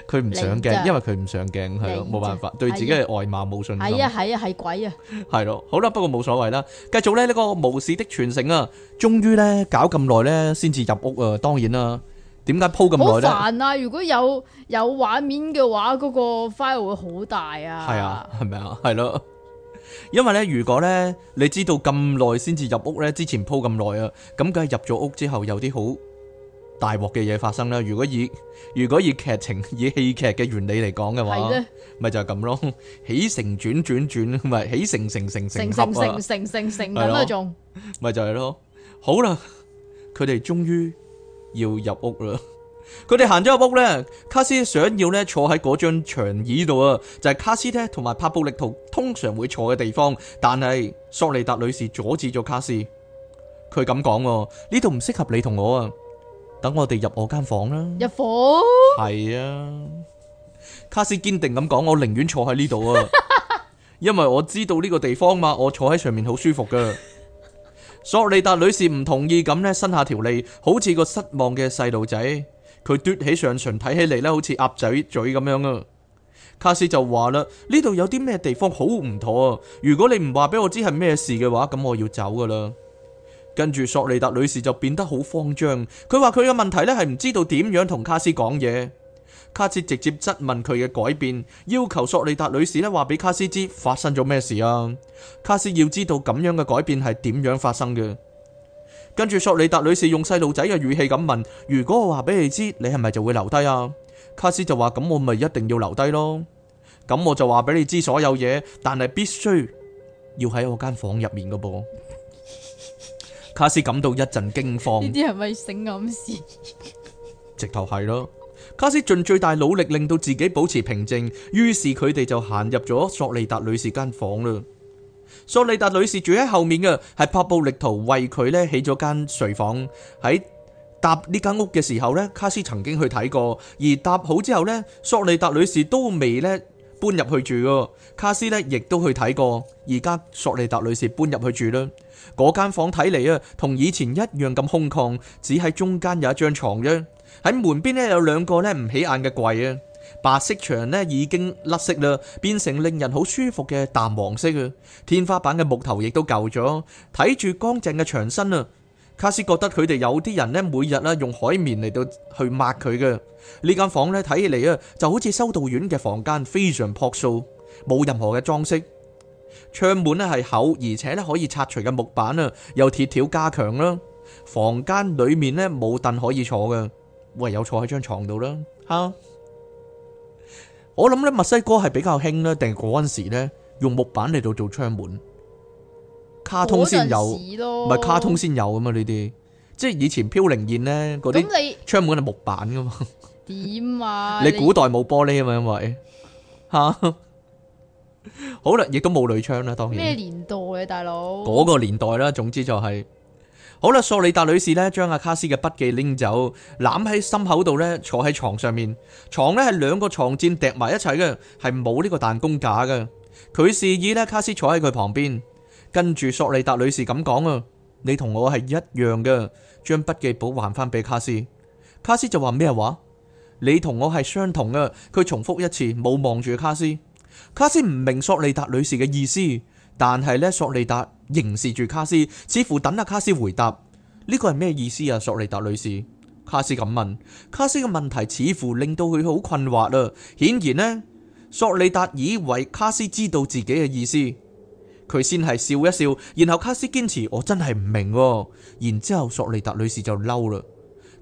B: 佢唔上鏡，因為佢唔上鏡，係咯，冇辦法，對自己嘅外貌冇信心。係啊，係啊，係鬼啊！係咯，好啦，不過冇所謂啦，繼續咧呢個巫士的傳承啊，終於咧搞咁耐咧先至入屋啊，當然啦。點解鋪咁耐咧？好
A: 煩啊！如果有有畫面嘅話，嗰個 file 會好大啊。係啊，
B: 係咪啊？係咯。因為咧，如果咧，你知道咁耐先至入屋咧，之前鋪咁耐啊，咁梗係入咗屋之後有啲好大鑊嘅嘢發生啦。如果以如果以劇情以戲劇嘅原理嚟講嘅話，係啫，咪就係咁咯。起承轉轉轉，咪起承承承承。承承
A: 承承承承咁啊，仲
B: 咪就係咯。好啦，佢哋終於要入屋啦！佢哋行咗入屋呢，卡斯想要咧坐喺嗰張長椅度啊，就係、是、卡斯咧同埋帕布力圖通常會坐嘅地方，但係索莉達女士阻止咗卡斯。佢咁講：呢度唔適合你同我啊！等我哋入我間房啦。
A: 入房。
B: 係啊！卡斯堅定咁講：我寧願坐喺呢度啊，因為我知道呢個地方嘛，我坐喺上面好舒服噶。索利達女士唔同意咁呢伸下條脷，好似個失望嘅細路仔。佢嘟起上唇，睇起嚟呢好似鴨仔嘴咁樣啊。卡斯就話啦：呢度有啲咩地方好唔妥啊？如果你唔話俾我知係咩事嘅話，咁我要走噶啦。跟住索利達女士就變得好慌張，佢話佢嘅問題呢係唔知道點樣同卡斯講嘢。卡斯直接質問佢嘅改變，要求索利達女士咧話俾卡斯知發生咗咩事啊！卡斯要知道咁樣嘅改變係點樣發生嘅。跟住索利達女士用細路仔嘅語氣咁問：如果我話俾你知，你係咪就會留低啊？卡斯就話：咁我咪一定要留低咯。咁我就話俾你知所有嘢，但係必須要喺我間房入面㗎噃。卡斯感到一陣驚慌。呢啲
A: 係咪性暗示？
B: 直頭係咯。卡斯盡最大努力令到自己保持平靜，於是佢哋就行入咗索利達女士間房啦。索利達女士住喺後面嘅，係帕布力圖為佢咧起咗間睡房。喺搭呢間屋嘅時候咧，卡斯曾經去睇過，而搭好之後呢，索利達女士都未咧搬入去住噶。卡斯咧亦都去睇過，而家索利達女士搬入去住啦。嗰間房睇嚟啊，同以前一樣咁空曠，只喺中間有一張床啫。喺門邊呢，有兩個咧唔起眼嘅櫃啊。白色牆呢已經甩色啦，變成令人好舒服嘅淡黃色啊。天花板嘅木頭亦都舊咗，睇住乾淨嘅牆身啊。卡斯覺得佢哋有啲人呢，每日啦用海綿嚟到去抹佢嘅呢間房呢，睇起嚟啊就好似修道院嘅房間，非常樸素，冇任何嘅裝飾。窗門咧係厚而且咧可以拆除嘅木板啊，有鐵條加強啦。房間裏面呢，冇凳可以坐嘅。唯有坐喺張床度啦，吓！我諗咧墨西哥係比較興啦，定係嗰陣時咧用木板嚟到做窗門，卡通先有，唔係卡通先有噶嘛？呢啲即係以前飄零燕咧嗰啲窗門係木板噶嘛？
A: 點啊？你古代
B: 冇玻璃啊嘛？因為吓，好啦，亦都冇鋁窗啦。當然咩
A: 年代啊，大佬？嗰個
B: 年代啦，總之就係。好啦，索莉達女士咧，將阿卡斯嘅筆記拎走，攬喺心口度咧，坐喺床上面。床咧係兩個床墊疊埋一齊嘅，係冇呢個彈弓架嘅。佢示意呢，卡斯坐喺佢旁邊，跟住索莉達女士咁講啊：你同我係一樣嘅，將筆記簿還翻俾卡斯。卡斯就話咩話？你同我係相同嘅。佢重複一次，冇望住卡斯。卡斯唔明索莉達女士嘅意思，但係呢，索莉達。凝視住卡斯，似乎等阿卡斯回答。呢個係咩意思啊，索利達女士？卡斯咁問。卡斯嘅問題似乎令到佢好困惑啦、啊。顯然呢，索利達以為卡斯知道自己嘅意思，佢先係笑一笑。然後卡斯堅持：我真係唔明、啊。然之後索利達女士就嬲啦，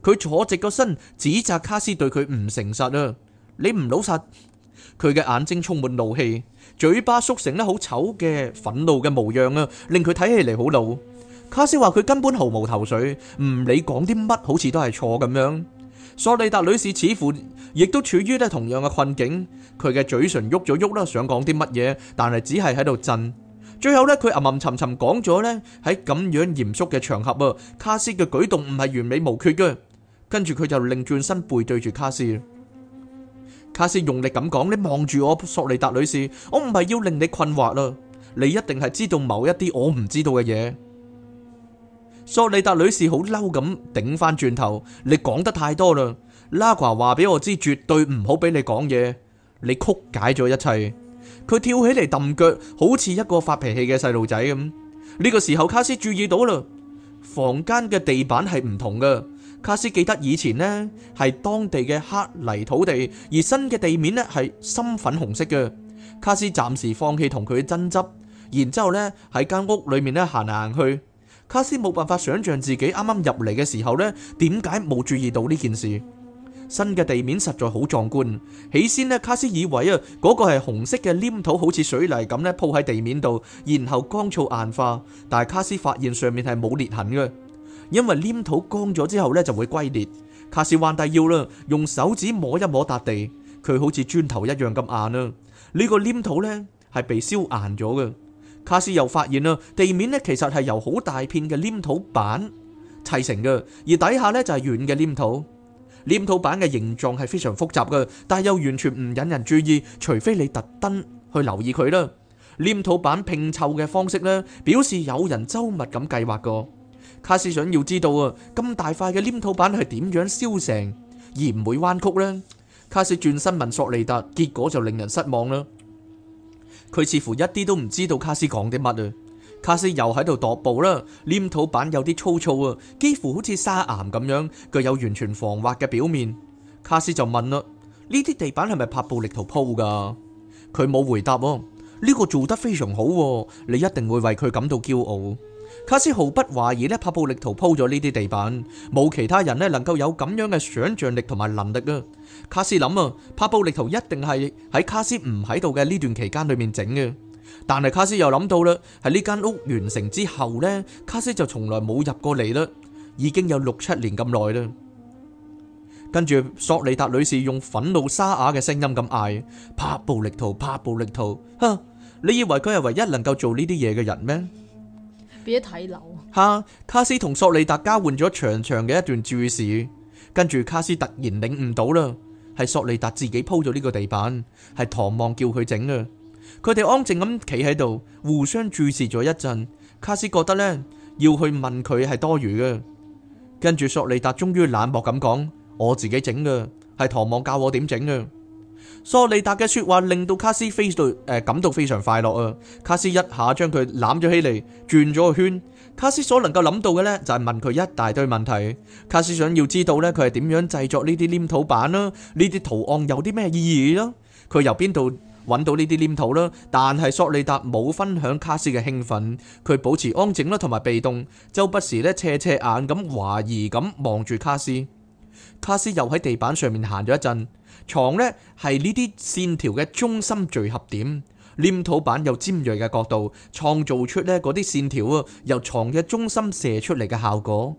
B: 佢坐直個身，指責卡斯對佢唔誠實啊！你唔老實，佢嘅眼睛充滿怒氣。嘴巴縮成咧好醜嘅憤怒嘅模樣啊，令佢睇起嚟，好老。卡斯話佢根本毫無頭緒，唔理講啲乜好似都係錯咁樣。索利達女士似乎亦都處於咧同樣嘅困境，佢嘅嘴唇喐咗喐啦，想講啲乜嘢，但係只係喺度震。最後呢，佢吟吟沉沉講咗呢：「喺咁樣嚴肅嘅場合啊，卡斯嘅舉動唔係完美無缺嘅。」跟住佢就擰轉身背對住卡斯。卡斯用力咁講：你望住我，索莉達女士，我唔係要令你困惑啦，你一定係知道某一啲我唔知道嘅嘢。索莉達女士好嬲咁頂翻轉頭，你講得太多啦，拉瓜話俾我知絕對唔好俾你講嘢，你曲解咗一切。佢跳起嚟揼腳，好似一個發脾氣嘅細路仔咁。呢個時候，卡斯注意到啦，房間嘅地板係唔同噶卡斯記得以前呢係當地嘅黑泥土地，而新嘅地面呢係深粉紅色嘅。卡斯暫時放棄同佢嘅爭執，然之後咧喺間屋裏面咧行嚟行去。卡斯冇辦法想象自己啱啱入嚟嘅時候呢點解冇注意到呢件事？新嘅地面實在好壯觀。起先呢，卡斯以為啊嗰個係紅色嘅黏土，好似水泥咁咧鋪喺地面度，然後乾燥硬化。但係卡斯發現上面係冇裂痕嘅。因為黏土乾咗之後呢，就會龜裂，卡士彎低腰啦，用手指摸一摸笪地，佢好似磚頭一樣咁硬啦。呢個黏土呢，係被燒硬咗嘅。卡士又發現啦，地面呢其實係由好大片嘅黏土板砌成嘅，而底下呢就係軟嘅黏土。黏土板嘅形狀係非常複雜嘅，但又完全唔引人注意，除非你特登去留意佢啦。黏土板拼湊嘅方式呢，表示有人周密咁計劃過。卡斯想要知道啊，咁大塊嘅黏土板係點樣燒成而唔會彎曲呢？卡斯轉身問索利達，結果就令人失望啦。佢似乎一啲都唔知道卡斯講啲乜啊。卡斯又喺度踱步啦。黏土板有啲粗糙啊，幾乎好似沙岩咁樣，具有完全防滑嘅表面。卡斯就問啦：呢啲地板係咪拍布力圖鋪噶？佢冇回答。呢個做得非常好，你一定會為佢感到驕傲。卡斯毫不懷疑咧，帕布力圖鋪咗呢啲地板，冇其他人呢能夠有咁樣嘅想象力同埋能力啊！卡斯諗啊，帕布力圖一定係喺卡斯唔喺度嘅呢段期間裏面整嘅。但係卡斯又諗到啦，喺呢間屋完成之後呢，卡斯就從來冇入過嚟啦，已經有六七年咁耐啦。跟住索利達女士用憤怒沙啞嘅聲音咁嗌：帕布力圖，帕布力圖，哼！你以為佢係唯一能夠做呢啲嘢嘅人咩？
A: 睇樓。
B: 哈！卡斯同索利達交換咗長長嘅一段注視，跟住卡斯突然領悟到啦，係索利達自己鋪咗呢個地板，係唐望叫佢整嘅。佢哋安靜咁企喺度，互相注視咗一陣。卡斯覺得呢，要去問佢係多餘嘅，跟住索利達終於冷漠咁講：我自己整嘅，係唐望教我點整嘅。索利達嘅說話令到卡斯非常誒感到非常快樂啊！卡斯一下將佢攬咗起嚟，轉咗個圈。卡斯所能夠諗到嘅呢，就係問佢一大堆問題。卡斯想要知道呢，佢係點樣製作呢啲黏土板啦，呢啲圖案有啲咩意義啦？佢由邊度揾到呢啲黏土啦？但係索利達冇分享卡斯嘅興奮，佢保持安靜啦，同埋被動，周不時呢，斜斜眼咁懷疑咁望住卡斯。卡斯又喺地板上面行咗一陣。床呢係呢啲線條嘅中心聚合點，黏土板有尖銳嘅角度，創造出呢嗰啲線條啊，由床嘅中心射出嚟嘅效果。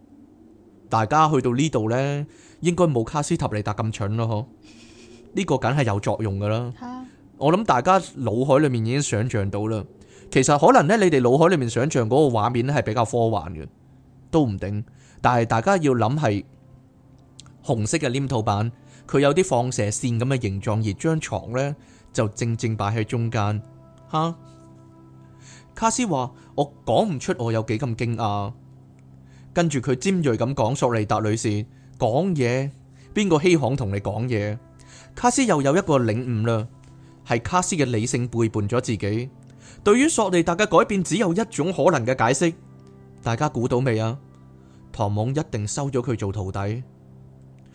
B: 大家去到呢度呢，應該冇卡斯塔尼達咁蠢咯，嗬？呢個梗係有作用噶啦。我諗大家腦海裏面已經想象到啦。其實可能呢，你哋腦海裏面想象嗰個畫面咧係比較科幻嘅，都唔定。但係大家要諗係紅色嘅黏土板。佢有啲放射線咁嘅形狀，而張床呢，就正正擺喺中間。哈，卡斯話：我講唔出我有幾咁驚訝。跟住佢尖銳咁講：索利達女士講嘢，邊個稀罕同你講嘢？卡斯又有一個領悟啦，係卡斯嘅理性背叛咗自己。對於索利達嘅改變，只有一種可能嘅解釋。大家估到未啊？唐望一定收咗佢做徒弟。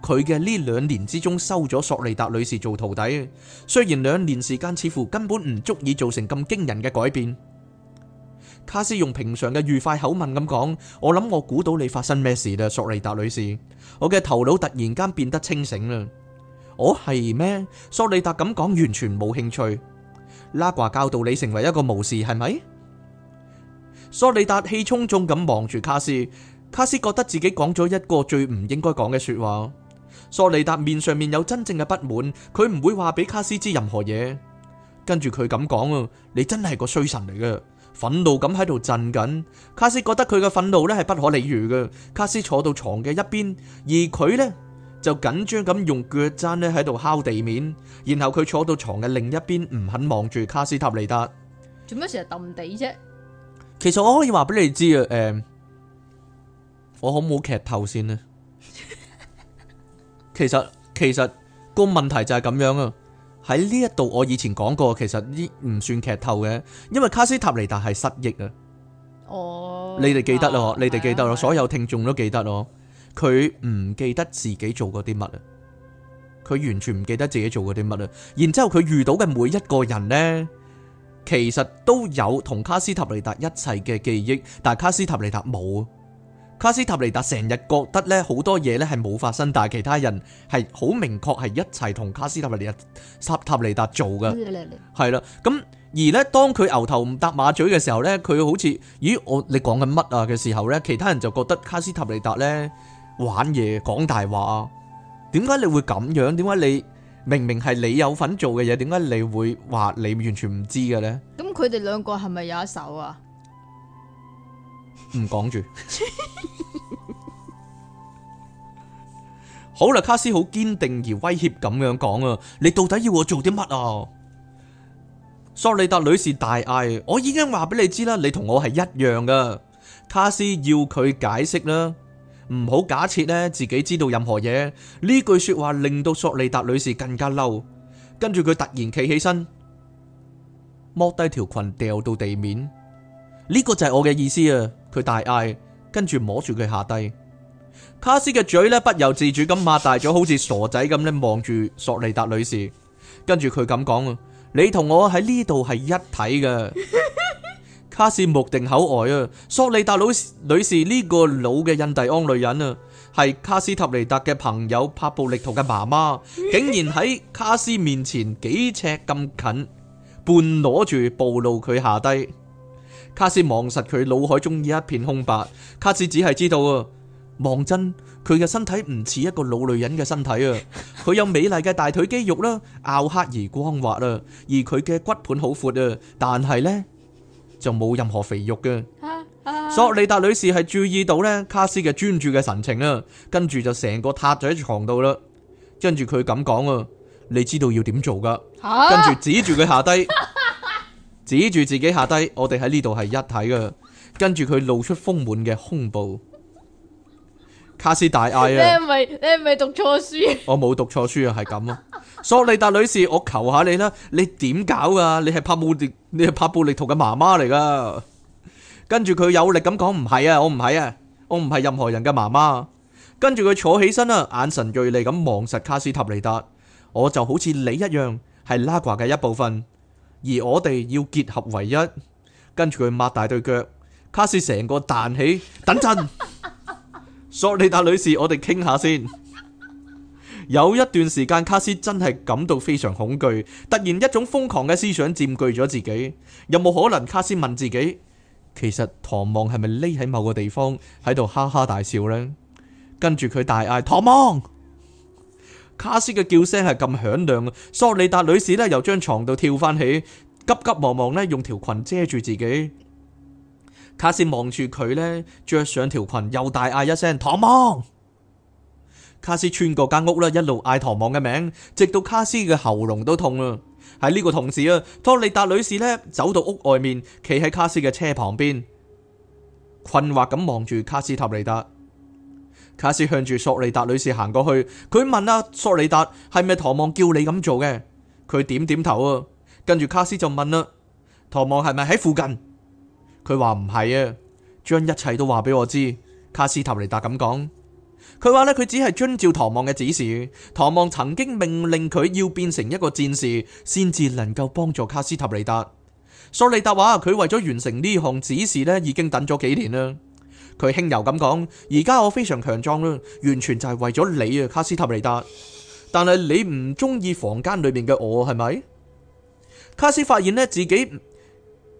B: 佢嘅呢兩年之中收咗索莉達女士做徒弟，雖然兩年時間似乎根本唔足以造成咁驚人嘅改變。卡斯用平常嘅愉快口吻咁講：我諗我估到你發生咩事啦，索莉達女士。我嘅頭腦突然間變得清醒啦。哦，係咩？索莉達咁講，完全冇興趣。拉掛教導你成為一個巫士係咪？索莉達氣沖沖咁望住卡斯，卡斯覺得自己講咗一個最唔應該講嘅說話。索莉達面上面有真正嘅不滿，佢唔會話俾卡斯知任何嘢。跟住佢咁講啊，你真係個衰神嚟嘅，憤怒咁喺度震緊。卡斯覺得佢嘅憤怒咧係不可理喻嘅。卡斯坐到床嘅一邊，而佢呢，就緊張咁用腳踭咧喺度敲地面。然後佢坐到床嘅另一邊，唔肯望住卡斯塔尼達。
A: 做咩成日揼地啫？
B: 其實我可以話俾你知啊，誒、欸，我好冇劇透先啦。其實其實個問題就係咁樣啊，喺呢一度我以前講過，其實呢唔算劇透嘅，因為卡斯塔尼達係失憶啊。哦，你哋記得咯，哦、你哋記得咯，對所有聽眾都記得咯，佢唔記得自己做過啲乜啊，佢完全唔記得自己做過啲乜啊，然之後佢遇到嘅每一個人呢，其實都有同卡斯塔尼達一齊嘅記憶，但卡斯塔尼達冇。卡斯塔尼達成日覺得咧好多嘢咧係冇發生，但係其他人係好明確係一齊同卡斯塔尼達、薩塔尼達做噶，係啦。咁而咧，當佢牛頭唔搭馬嘴嘅時候咧，佢好似咦，我，你講緊乜啊嘅時候咧，其他人就覺得卡斯塔尼達咧玩嘢、講大話啊，點解你會咁樣？點解你明明係你有份做嘅嘢，點解你會話你完全唔知嘅咧？
A: 咁佢哋兩個係咪有一手啊？
B: 唔講住，好啦，卡斯好堅定而威脅咁樣講啊！你到底要我做啲乜啊？索利達女士大嗌：我已經話俾你知啦，你同我係一樣噶。卡斯要佢解釋啦，唔好假設呢自己知道任何嘢。呢句說話令到索利達女士更加嬲，跟住佢突然企起身，剝低條裙掉到地面，呢個就係我嘅意思啊！佢大嗌，跟住摸住佢下低。卡斯嘅嘴咧不由自主咁擘大咗，好似傻仔咁咧望住索莉達女士。跟住佢咁講啊，你同我喺呢度係一體嘅。 [LAUGHS] 卡斯目定口呆啊！索莉達老女士呢個老嘅印第安女人啊，係卡斯塔尼達嘅朋友帕布力圖嘅媽媽，竟然喺卡斯面前幾尺咁近，半裸住暴露佢下低。卡斯望實佢，腦海中一片空白，卡斯只係知道啊，望真佢嘅身體唔似一個老女人嘅身體啊，佢有美麗嘅大腿肌肉啦，咬黑而光滑啊，而佢嘅骨盤好闊啊，但係呢，就冇任何肥肉嘅。索、啊啊 so, 莉達女士係注意到呢卡斯嘅專注嘅神情啊，跟住就成個塌咗喺床度啦，跟住佢咁講啊，你知道要點做噶？跟住指住佢下低。啊 [LAUGHS] 指住自己下低，我哋喺呢度係一體噶。跟住佢露出豐滿嘅胸部，卡斯大嗌啊！你係咪
A: 你係咪讀錯書？
B: [LAUGHS] 我冇讀錯書啊，係咁咯。索利達女士，我求下你啦，你點搞啊？你係帕布利，你係帕布利圖嘅媽媽嚟噶。跟住佢有力咁講，唔係啊，我唔係啊，我唔係、啊、任何人嘅媽媽。跟住佢坐起身啦，眼神銳利咁望實卡斯塔尼達，我就好似你一樣，係拉瓜嘅一部分。而我哋要結合為一，跟住佢擘大對腳，卡斯成個彈起。 [LAUGHS] 等陣，索利達女士，我哋傾下先。 [LAUGHS] 有一段時間，卡斯真係感到非常恐懼。突然一種瘋狂嘅思想佔據咗自己。有冇可能卡斯問自己，其實唐望係咪匿喺某個地方喺度哈哈大笑呢？跟住佢大嗌：唐望！卡斯嘅叫聲係咁響亮，索莉達女士咧由張床度跳翻起，急急忙忙咧用條裙遮住自己。卡斯望住佢咧，着上條裙又大嗌一聲“唐望”。卡斯穿過間屋啦，一路嗌唐望嘅名，直到卡斯嘅喉嚨都痛啦。喺、這、呢個同時啊，托利達女士咧走到屋外面，企喺卡斯嘅車旁邊，困惑咁望住卡斯塔利達。卡斯向住索利達女士行過去，佢問阿索利達係咪唐望叫你咁做嘅？佢點點頭啊，跟住卡斯就問啦：唐望係咪喺附近？佢話唔係啊，將一切都話俾我知。卡斯塔利達咁講，佢話呢，佢只係遵照唐望嘅指示，唐望曾經命令佢要變成一個戰士，先至能夠幫助卡斯塔利達。索利達話佢為咗完成呢項指示呢，已經等咗幾年啦。佢輕柔咁講，而家我非常強壯啦，完全就係為咗你啊，卡斯塔尼達。但係你唔中意房間裏面嘅我係咪？卡斯發現呢，自己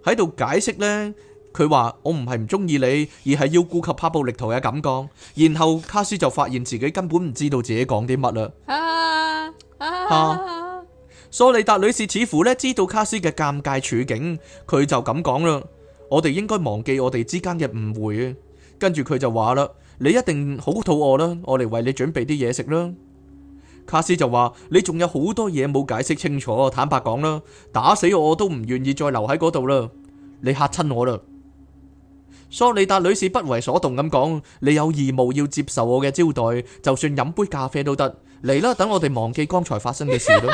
B: 喺度解釋呢。佢話我唔係唔中意你，而係要顧及帕布力圖嘅感覺。然後卡斯就發現自己根本唔知道自己講啲乜啦。
A: 啊啊！
B: 索利達女士似乎呢知道卡斯嘅尷尬處境，佢就咁講啦，我哋應該忘記我哋之間嘅誤會啊！跟住佢就話啦，你一定好肚餓啦，我嚟為你準備啲嘢食啦。卡斯就話，你仲有好多嘢冇解釋清楚，坦白講啦，打死我都唔願意再留喺嗰度啦。你嚇親我啦。索利達女士不為所動咁講，你有義務要接受我嘅招待，就算飲杯咖啡都得。嚟啦，等我哋忘記剛才發生嘅事咯，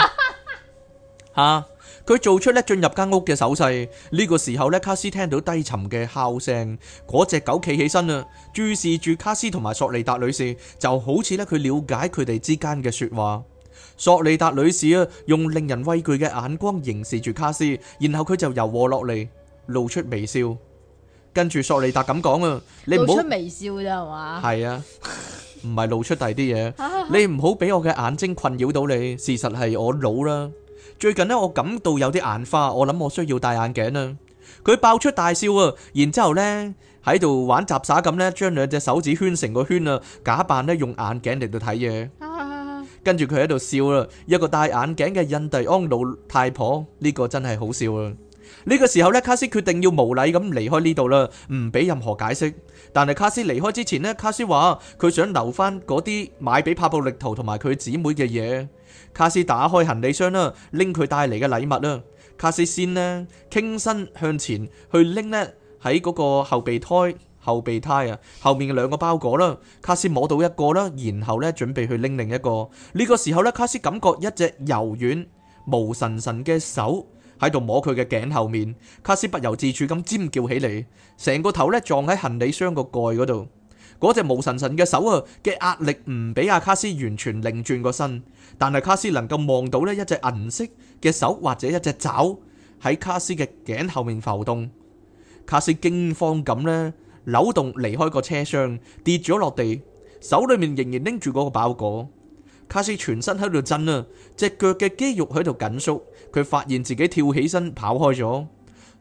B: 吓。 [LAUGHS] [LAUGHS] 佢做出咧進入間屋嘅手勢，呢、這個時候咧，卡斯聽到低沉嘅哮聲，嗰隻狗企起身啦，注視住卡斯同埋索莉達女士，就好似咧佢了解佢哋之間嘅說話。索莉達女士啊，用令人畏懼嘅眼光凝視住卡斯，然後佢就柔和落嚟，露出微笑。跟住索莉達咁講啊，你唔好
A: 微笑啫係嘛？係啊，
B: 唔係露出第二啲嘢。你唔好俾我嘅眼睛困擾到你。事實係我老啦。最近呢，我感到有啲眼花，我諗我需要戴眼鏡啊。佢爆出大笑啊，然之後呢喺度玩雜耍咁呢，將兩隻手指圈成個圈啊，假扮呢用眼鏡嚟到睇嘢。 [LAUGHS] 跟住佢喺度笑啦，一個戴眼鏡嘅印第安老太婆，呢個真係好笑啊！呢個時候呢，卡斯決定要無禮咁離開呢度啦，唔俾任何解釋。但係卡斯離開之前呢，卡斯話佢想留翻嗰啲買俾帕布力圖同埋佢姊妹嘅嘢。卡斯打開行李箱啦，拎佢帶嚟嘅禮物啦。卡斯先咧傾身向前去拎咧喺嗰個後備胎後備胎啊後面嘅兩個包裹啦。卡斯摸到一個啦，然後咧準備去拎另一個。呢、呢個時候咧，卡斯感覺一隻柔軟毛神神嘅手喺度摸佢嘅頸後面，卡斯不由自主咁尖叫起嚟，成個頭咧撞喺行李箱個蓋嗰度。嗰隻毛神神嘅手啊嘅壓力唔俾阿卡斯完全擰轉個身。但係卡斯能夠望到呢一隻銀色嘅手或者一隻爪喺卡斯嘅頸後面浮動，卡斯驚慌咁呢扭動離開個車廂，跌咗落地，手裏面仍然拎住嗰個包裹。卡斯全身喺度震啊，隻腳嘅肌肉喺度緊縮，佢發現自己跳起身跑開咗。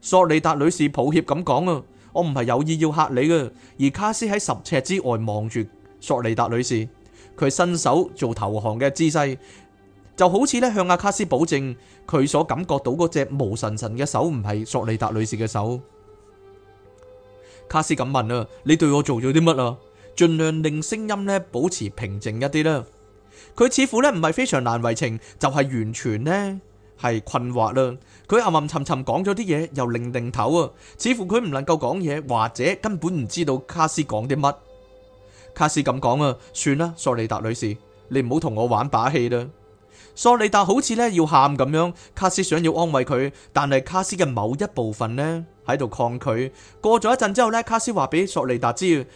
B: 索莉達女士抱歉咁講啊，我唔係有意要嚇你嘅，而卡斯喺十尺之外望住索莉達女士，佢伸手，做投降嘅姿勢。就好似向阿卡斯保證，佢所感覺到嗰隻無神神嘅手，唔係索利達女士嘅手。卡斯咁問，你對我做咗啲乜？盡量令聲音保持平靜一啲。佢似乎唔係非常難為情，就係完全呢，係困惑啦。佢暗暗沉沉講咗啲嘢，又擰擰頭。似乎佢唔能夠講嘢，或者根本唔知道卡斯講啲乜。卡斯咁講啊，算啦，索莉達女士，你唔好同我玩把戲啦。索莉達好似咧要喊咁樣，卡斯想要安慰佢，但係卡斯嘅某一部分呢喺度抗拒。過咗一陣之後呢，卡斯話俾索莉達知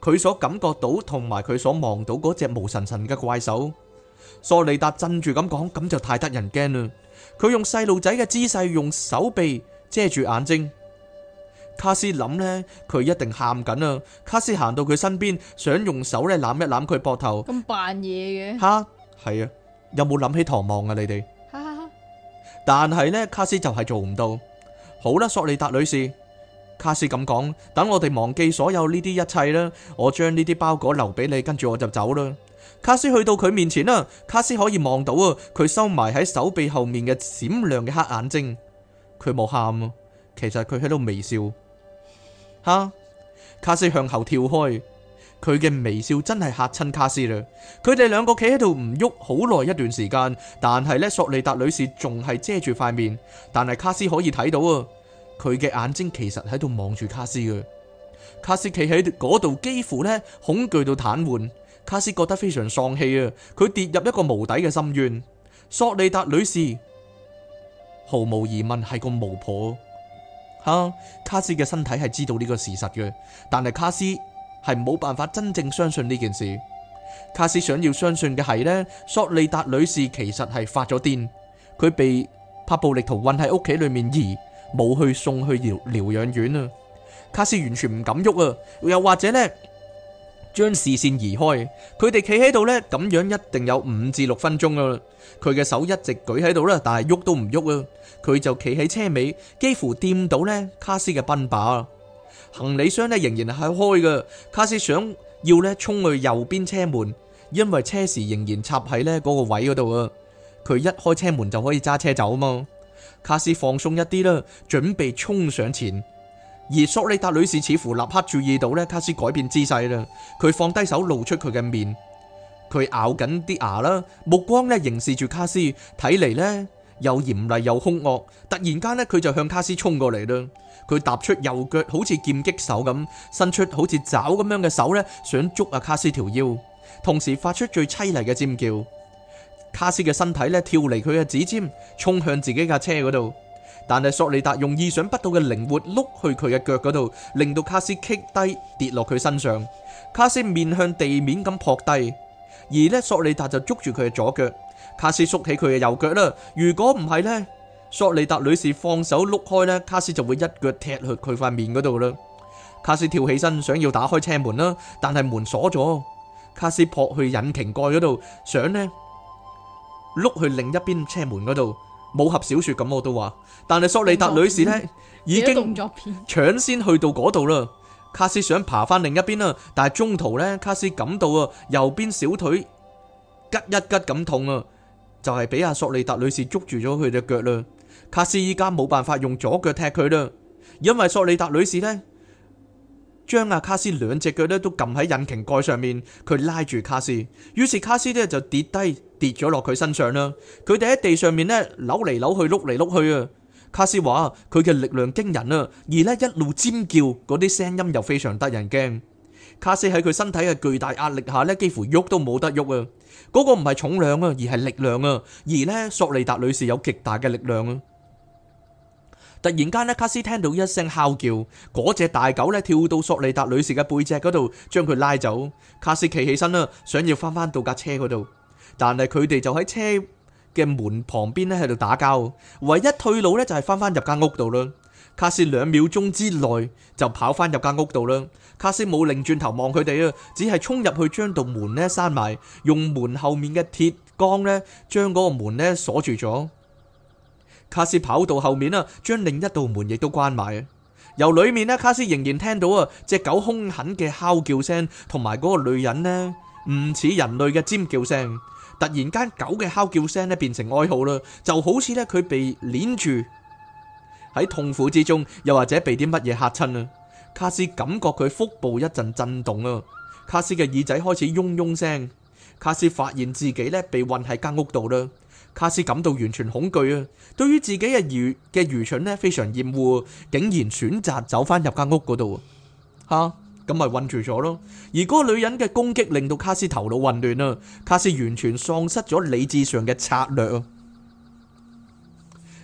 B: 佢所感覺到同埋佢所望到嗰隻毛神神嘅怪獸。索莉達震住咁講，咁就太得人驚啦。佢用細路仔嘅姿勢，用手臂遮住眼睛。卡斯諗呢，佢一定喊緊啊！卡斯行到佢身邊，想用手咧攬一攬佢膊頭。咁
A: 扮嘢嘅？吓？
B: 係啊，有冇諗起唐望啊？你哋？哈哈哈。但係呢，卡斯就係做唔到。好啦，索莉達女士，卡斯咁講，等我哋忘記所有呢啲一切啦，我將呢啲包裹留俾你，跟住我就走啦。卡斯去到佢面前啦，卡斯可以望到啊，佢收埋喺手臂後面嘅閃亮嘅黑眼睛，佢冇喊啊，其實佢喺度微笑。哈！卡斯向後跳開，佢嘅微笑真係吓親卡斯啦。佢哋兩個企喺度唔喐，好耐一段時間，但係呢，索利達女士仲係遮住塊面，但係卡斯可以睇到啊，佢嘅眼睛其實喺度望住卡斯嘅。卡斯企喺度，幾乎呢，恐懼到癱瘓。卡斯覺得非常喪氣啊！佢跌入一個無底嘅深淵。索利達女士毫無疑問係個巫婆。哈、啊！卡斯嘅身體係知道呢個事實嘅，但係卡斯係冇辦法真正相信呢件事。卡斯想要相信嘅係呢，索利達女士其實係發咗癲，佢被帕布力圖困喺屋企裏面而冇去送去療療養院啊！卡斯完全唔敢喐啊！又或者呢，將視線移開，佢哋企喺度呢，咁樣一定有五至六分鐘啊。佢嘅手一直舉喺度啦，但係喐都唔喐啊！佢就企喺車尾，幾乎掂到呢卡斯嘅賓霸。行李箱呢仍然係開㗎。卡斯想要呢衝去右邊車門，因為車匙仍然插喺呢嗰個位嗰度啊。佢一開車門就可以揸車走啊嘛。卡斯放鬆一啲啦，準備衝上前。而索莉達女士似乎立刻注意到呢卡斯改變姿勢啦，佢放低手露出佢嘅面，佢咬緊啲牙啦，目光呢凝視住卡斯，睇嚟，呢。又嚴厲又兇惡，突然間呢，佢就向卡斯衝過嚟啦。佢踏出右腳，好似劍擊手咁，伸出好似爪咁樣嘅手呢，想捉阿卡斯條腰，同時發出最淒厲嘅尖叫。卡斯嘅身體呢，跳離佢嘅指尖，衝向自己架車嗰度。但係索莉達用意想不到嘅靈活碌去佢嘅腳嗰度，令到卡斯棘低跌落佢身上。卡斯面向地面咁撲低，而呢，索莉達就捉住佢嘅左腳。卡斯縮起佢嘅右腳啦，如果唔係呢，索利達女士放手碌開呢，卡斯就會一腳踢去佢塊面嗰度啦。卡斯跳起身想要打開車門啦，但係門鎖咗。卡斯撲去引擎蓋嗰度，想呢碌去另一邊車門嗰度，武俠小說咁我都話，但係索利達女士呢已經搶先去到嗰度啦。卡斯想爬翻另一邊啦，但係中途呢，卡斯感到啊右邊小腿吉一吉咁痛啊！就係俾阿索莉達女士捉住咗佢隻腳啦，卡斯依家冇辦法用左腳踢佢啦，因為索莉達女士呢將阿卡斯兩隻腳咧都撳喺引擎蓋上面，佢拉住卡斯，於是卡斯呢就跌低跌咗落佢身上啦，佢哋喺地上面咧扭嚟扭去碌嚟碌去啊，卡斯話佢嘅力量驚人啊，而呢一路尖叫，嗰啲聲音又非常得人驚。卡斯喺佢身體嘅巨大壓力下咧，幾乎喐都冇得喐啊！嗰個唔係重量啊，而係力量啊！而咧，索利達女士有極大嘅力量啊！突然間咧，卡斯聽到一聲嚎叫，嗰隻大狗咧跳到索利達女士嘅背脊嗰度，將佢拉走。卡斯企起身啦，想要翻返到架車嗰度，但係佢哋就喺車嘅門旁邊咧喺度打交，唯一退路咧就係翻返入間屋度啦。卡斯兩秒鐘之內就跑翻入間屋度啦。卡斯冇擰轉頭望佢哋啊，只係衝入去將道門咧閂埋，用門後面嘅鐵杆呢將嗰個門咧鎖住咗。卡斯跑到後面啊，將另一道門亦都關埋。由裏面呢，卡斯仍然聽到啊隻狗兇狠嘅哮叫聲，同埋嗰個女人呢唔似人類嘅尖叫聲。突然間，狗嘅哮叫聲咧變成哀號啦，就好似呢，佢被鏈住喺痛苦之中，又或者被啲乜嘢嚇親啦？卡斯感覺佢腹部一陣震動啊！卡斯嘅耳仔開始嗡嗡聲。卡斯發現自己咧被困喺間屋度啦。卡斯感到完全恐懼啊！對於自己嘅愚嘅愚蠢咧非常厭惡，竟然選擇走翻入間屋嗰度吓，咁咪困住咗咯。而嗰個女人嘅攻擊令到卡斯頭腦混亂啦，卡斯完全喪失咗理智上嘅策略。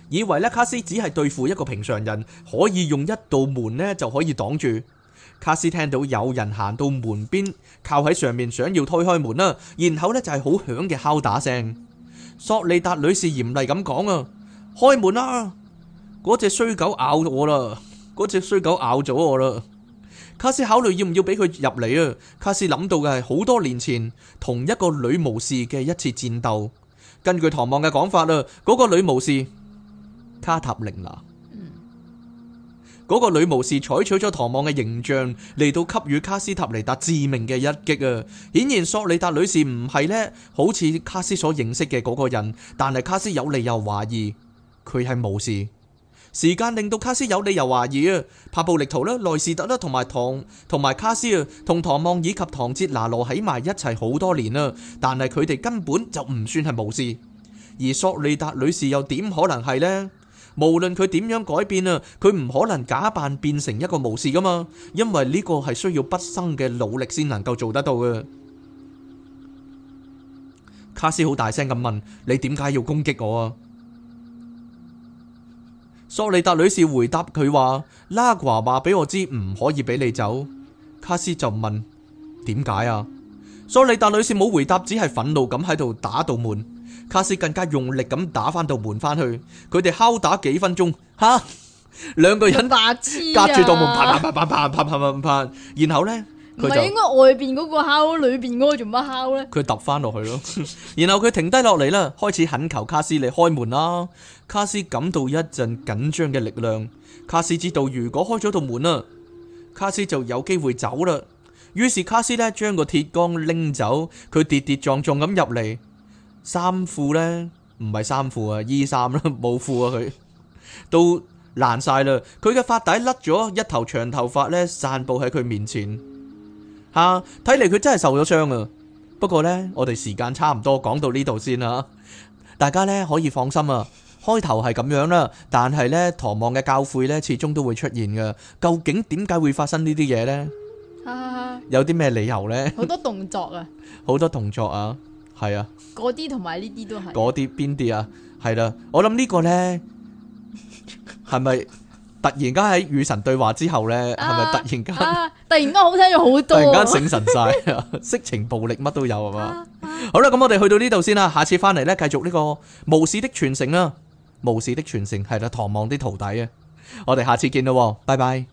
B: 以為咧，卡斯只係對付一個平常人，可以用一道門咧就可以擋住。卡斯聽到有人行到門邊，靠喺上面，想要推開門啦。然後呢就係好響嘅敲打聲。索莉達女士嚴厲咁講啊，開門啦啊！嗰隻衰狗咬我啦，嗰隻衰狗咬咗我啦。卡斯考慮要唔要俾佢入嚟啊？卡斯諗到嘅係好多年前同一個女巫士嘅一次戰鬥。根據唐望嘅講法啦，嗰個女巫士。卡塔琳娜嗰，那個女巫士採取咗唐望嘅形象嚟到給予卡斯塔尼達致命嘅一擊啊！顯然索利達女士唔係呢，好似卡斯所認識嘅嗰個人，但係卡斯有理由懷疑佢係巫士。時間令到卡斯有理由懷疑啊！帕布力圖啦、內斯特啦、同埋唐同埋卡斯啊，同唐望以及唐哲拿羅喺埋一齊好多年啦，但係佢哋根本就唔算係巫士，而索利達女士又點可能係呢？無論佢點樣改變啊，佢唔可能假扮變成一個巫士噶嘛，因為呢個係需要畢生嘅努力先能夠做得到嘅。卡斯好大聲咁問：你點解要攻擊我啊？索莉達女士回答佢話：拉華話俾我知唔可以俾你走。卡斯就問：點解啊？索莉達女士冇回答，只係憤怒咁喺度打道門。卡斯更加用力咁打翻道門翻去，佢哋敲打幾分鐘，吓，兩個人隔住道門，啊、啪啪啪啪啪啪啪啪然後呢，唔係應
A: 該外邊嗰個敲，裏邊嗰個做乜敲咧？
B: 佢揼翻落去咯， [LAUGHS] 然後佢停低落嚟啦，開始懇求卡斯嚟開門啦。卡斯感到一陣緊張嘅力量，卡斯知道如果開咗道門啦，卡斯就有機會走啦。於是卡斯呢將個鐵杆拎走，佢跌跌撞撞咁入嚟。衫褲咧，唔係衫褲啊，衣衫啦，冇褲啊，佢都爛晒啦。佢嘅髮帶甩咗，一頭長頭髮咧，散布喺佢面前。吓，睇嚟佢真係受咗傷啊。不過咧，我哋時間差唔多，講到呢度先啦。大家咧可以放心啊，開頭係咁樣啦，但係咧，唐望嘅教誨咧始終都會出現噶。究竟點解會發生呢啲嘢咧？有啲咩理由咧？
A: 好多動作啊！
B: 好多動作啊！係啊！
A: 嗰啲同埋呢啲都係
B: 嗰啲邊啲啊？係啦，我諗呢個咧係咪突然間喺與神對話之後咧？係咪、啊、突然間
A: 突然間好聽咗好多，突然間、啊、醒
B: 神晒， [LAUGHS] 色情暴力乜都有係嘛？啊啊、好啦，咁我哋去到呢度先啦，下次翻嚟咧繼續呢、這個無事的傳承啊，巫士的傳承係啦，唐望啲徒弟啊，我哋下次見啦，拜拜。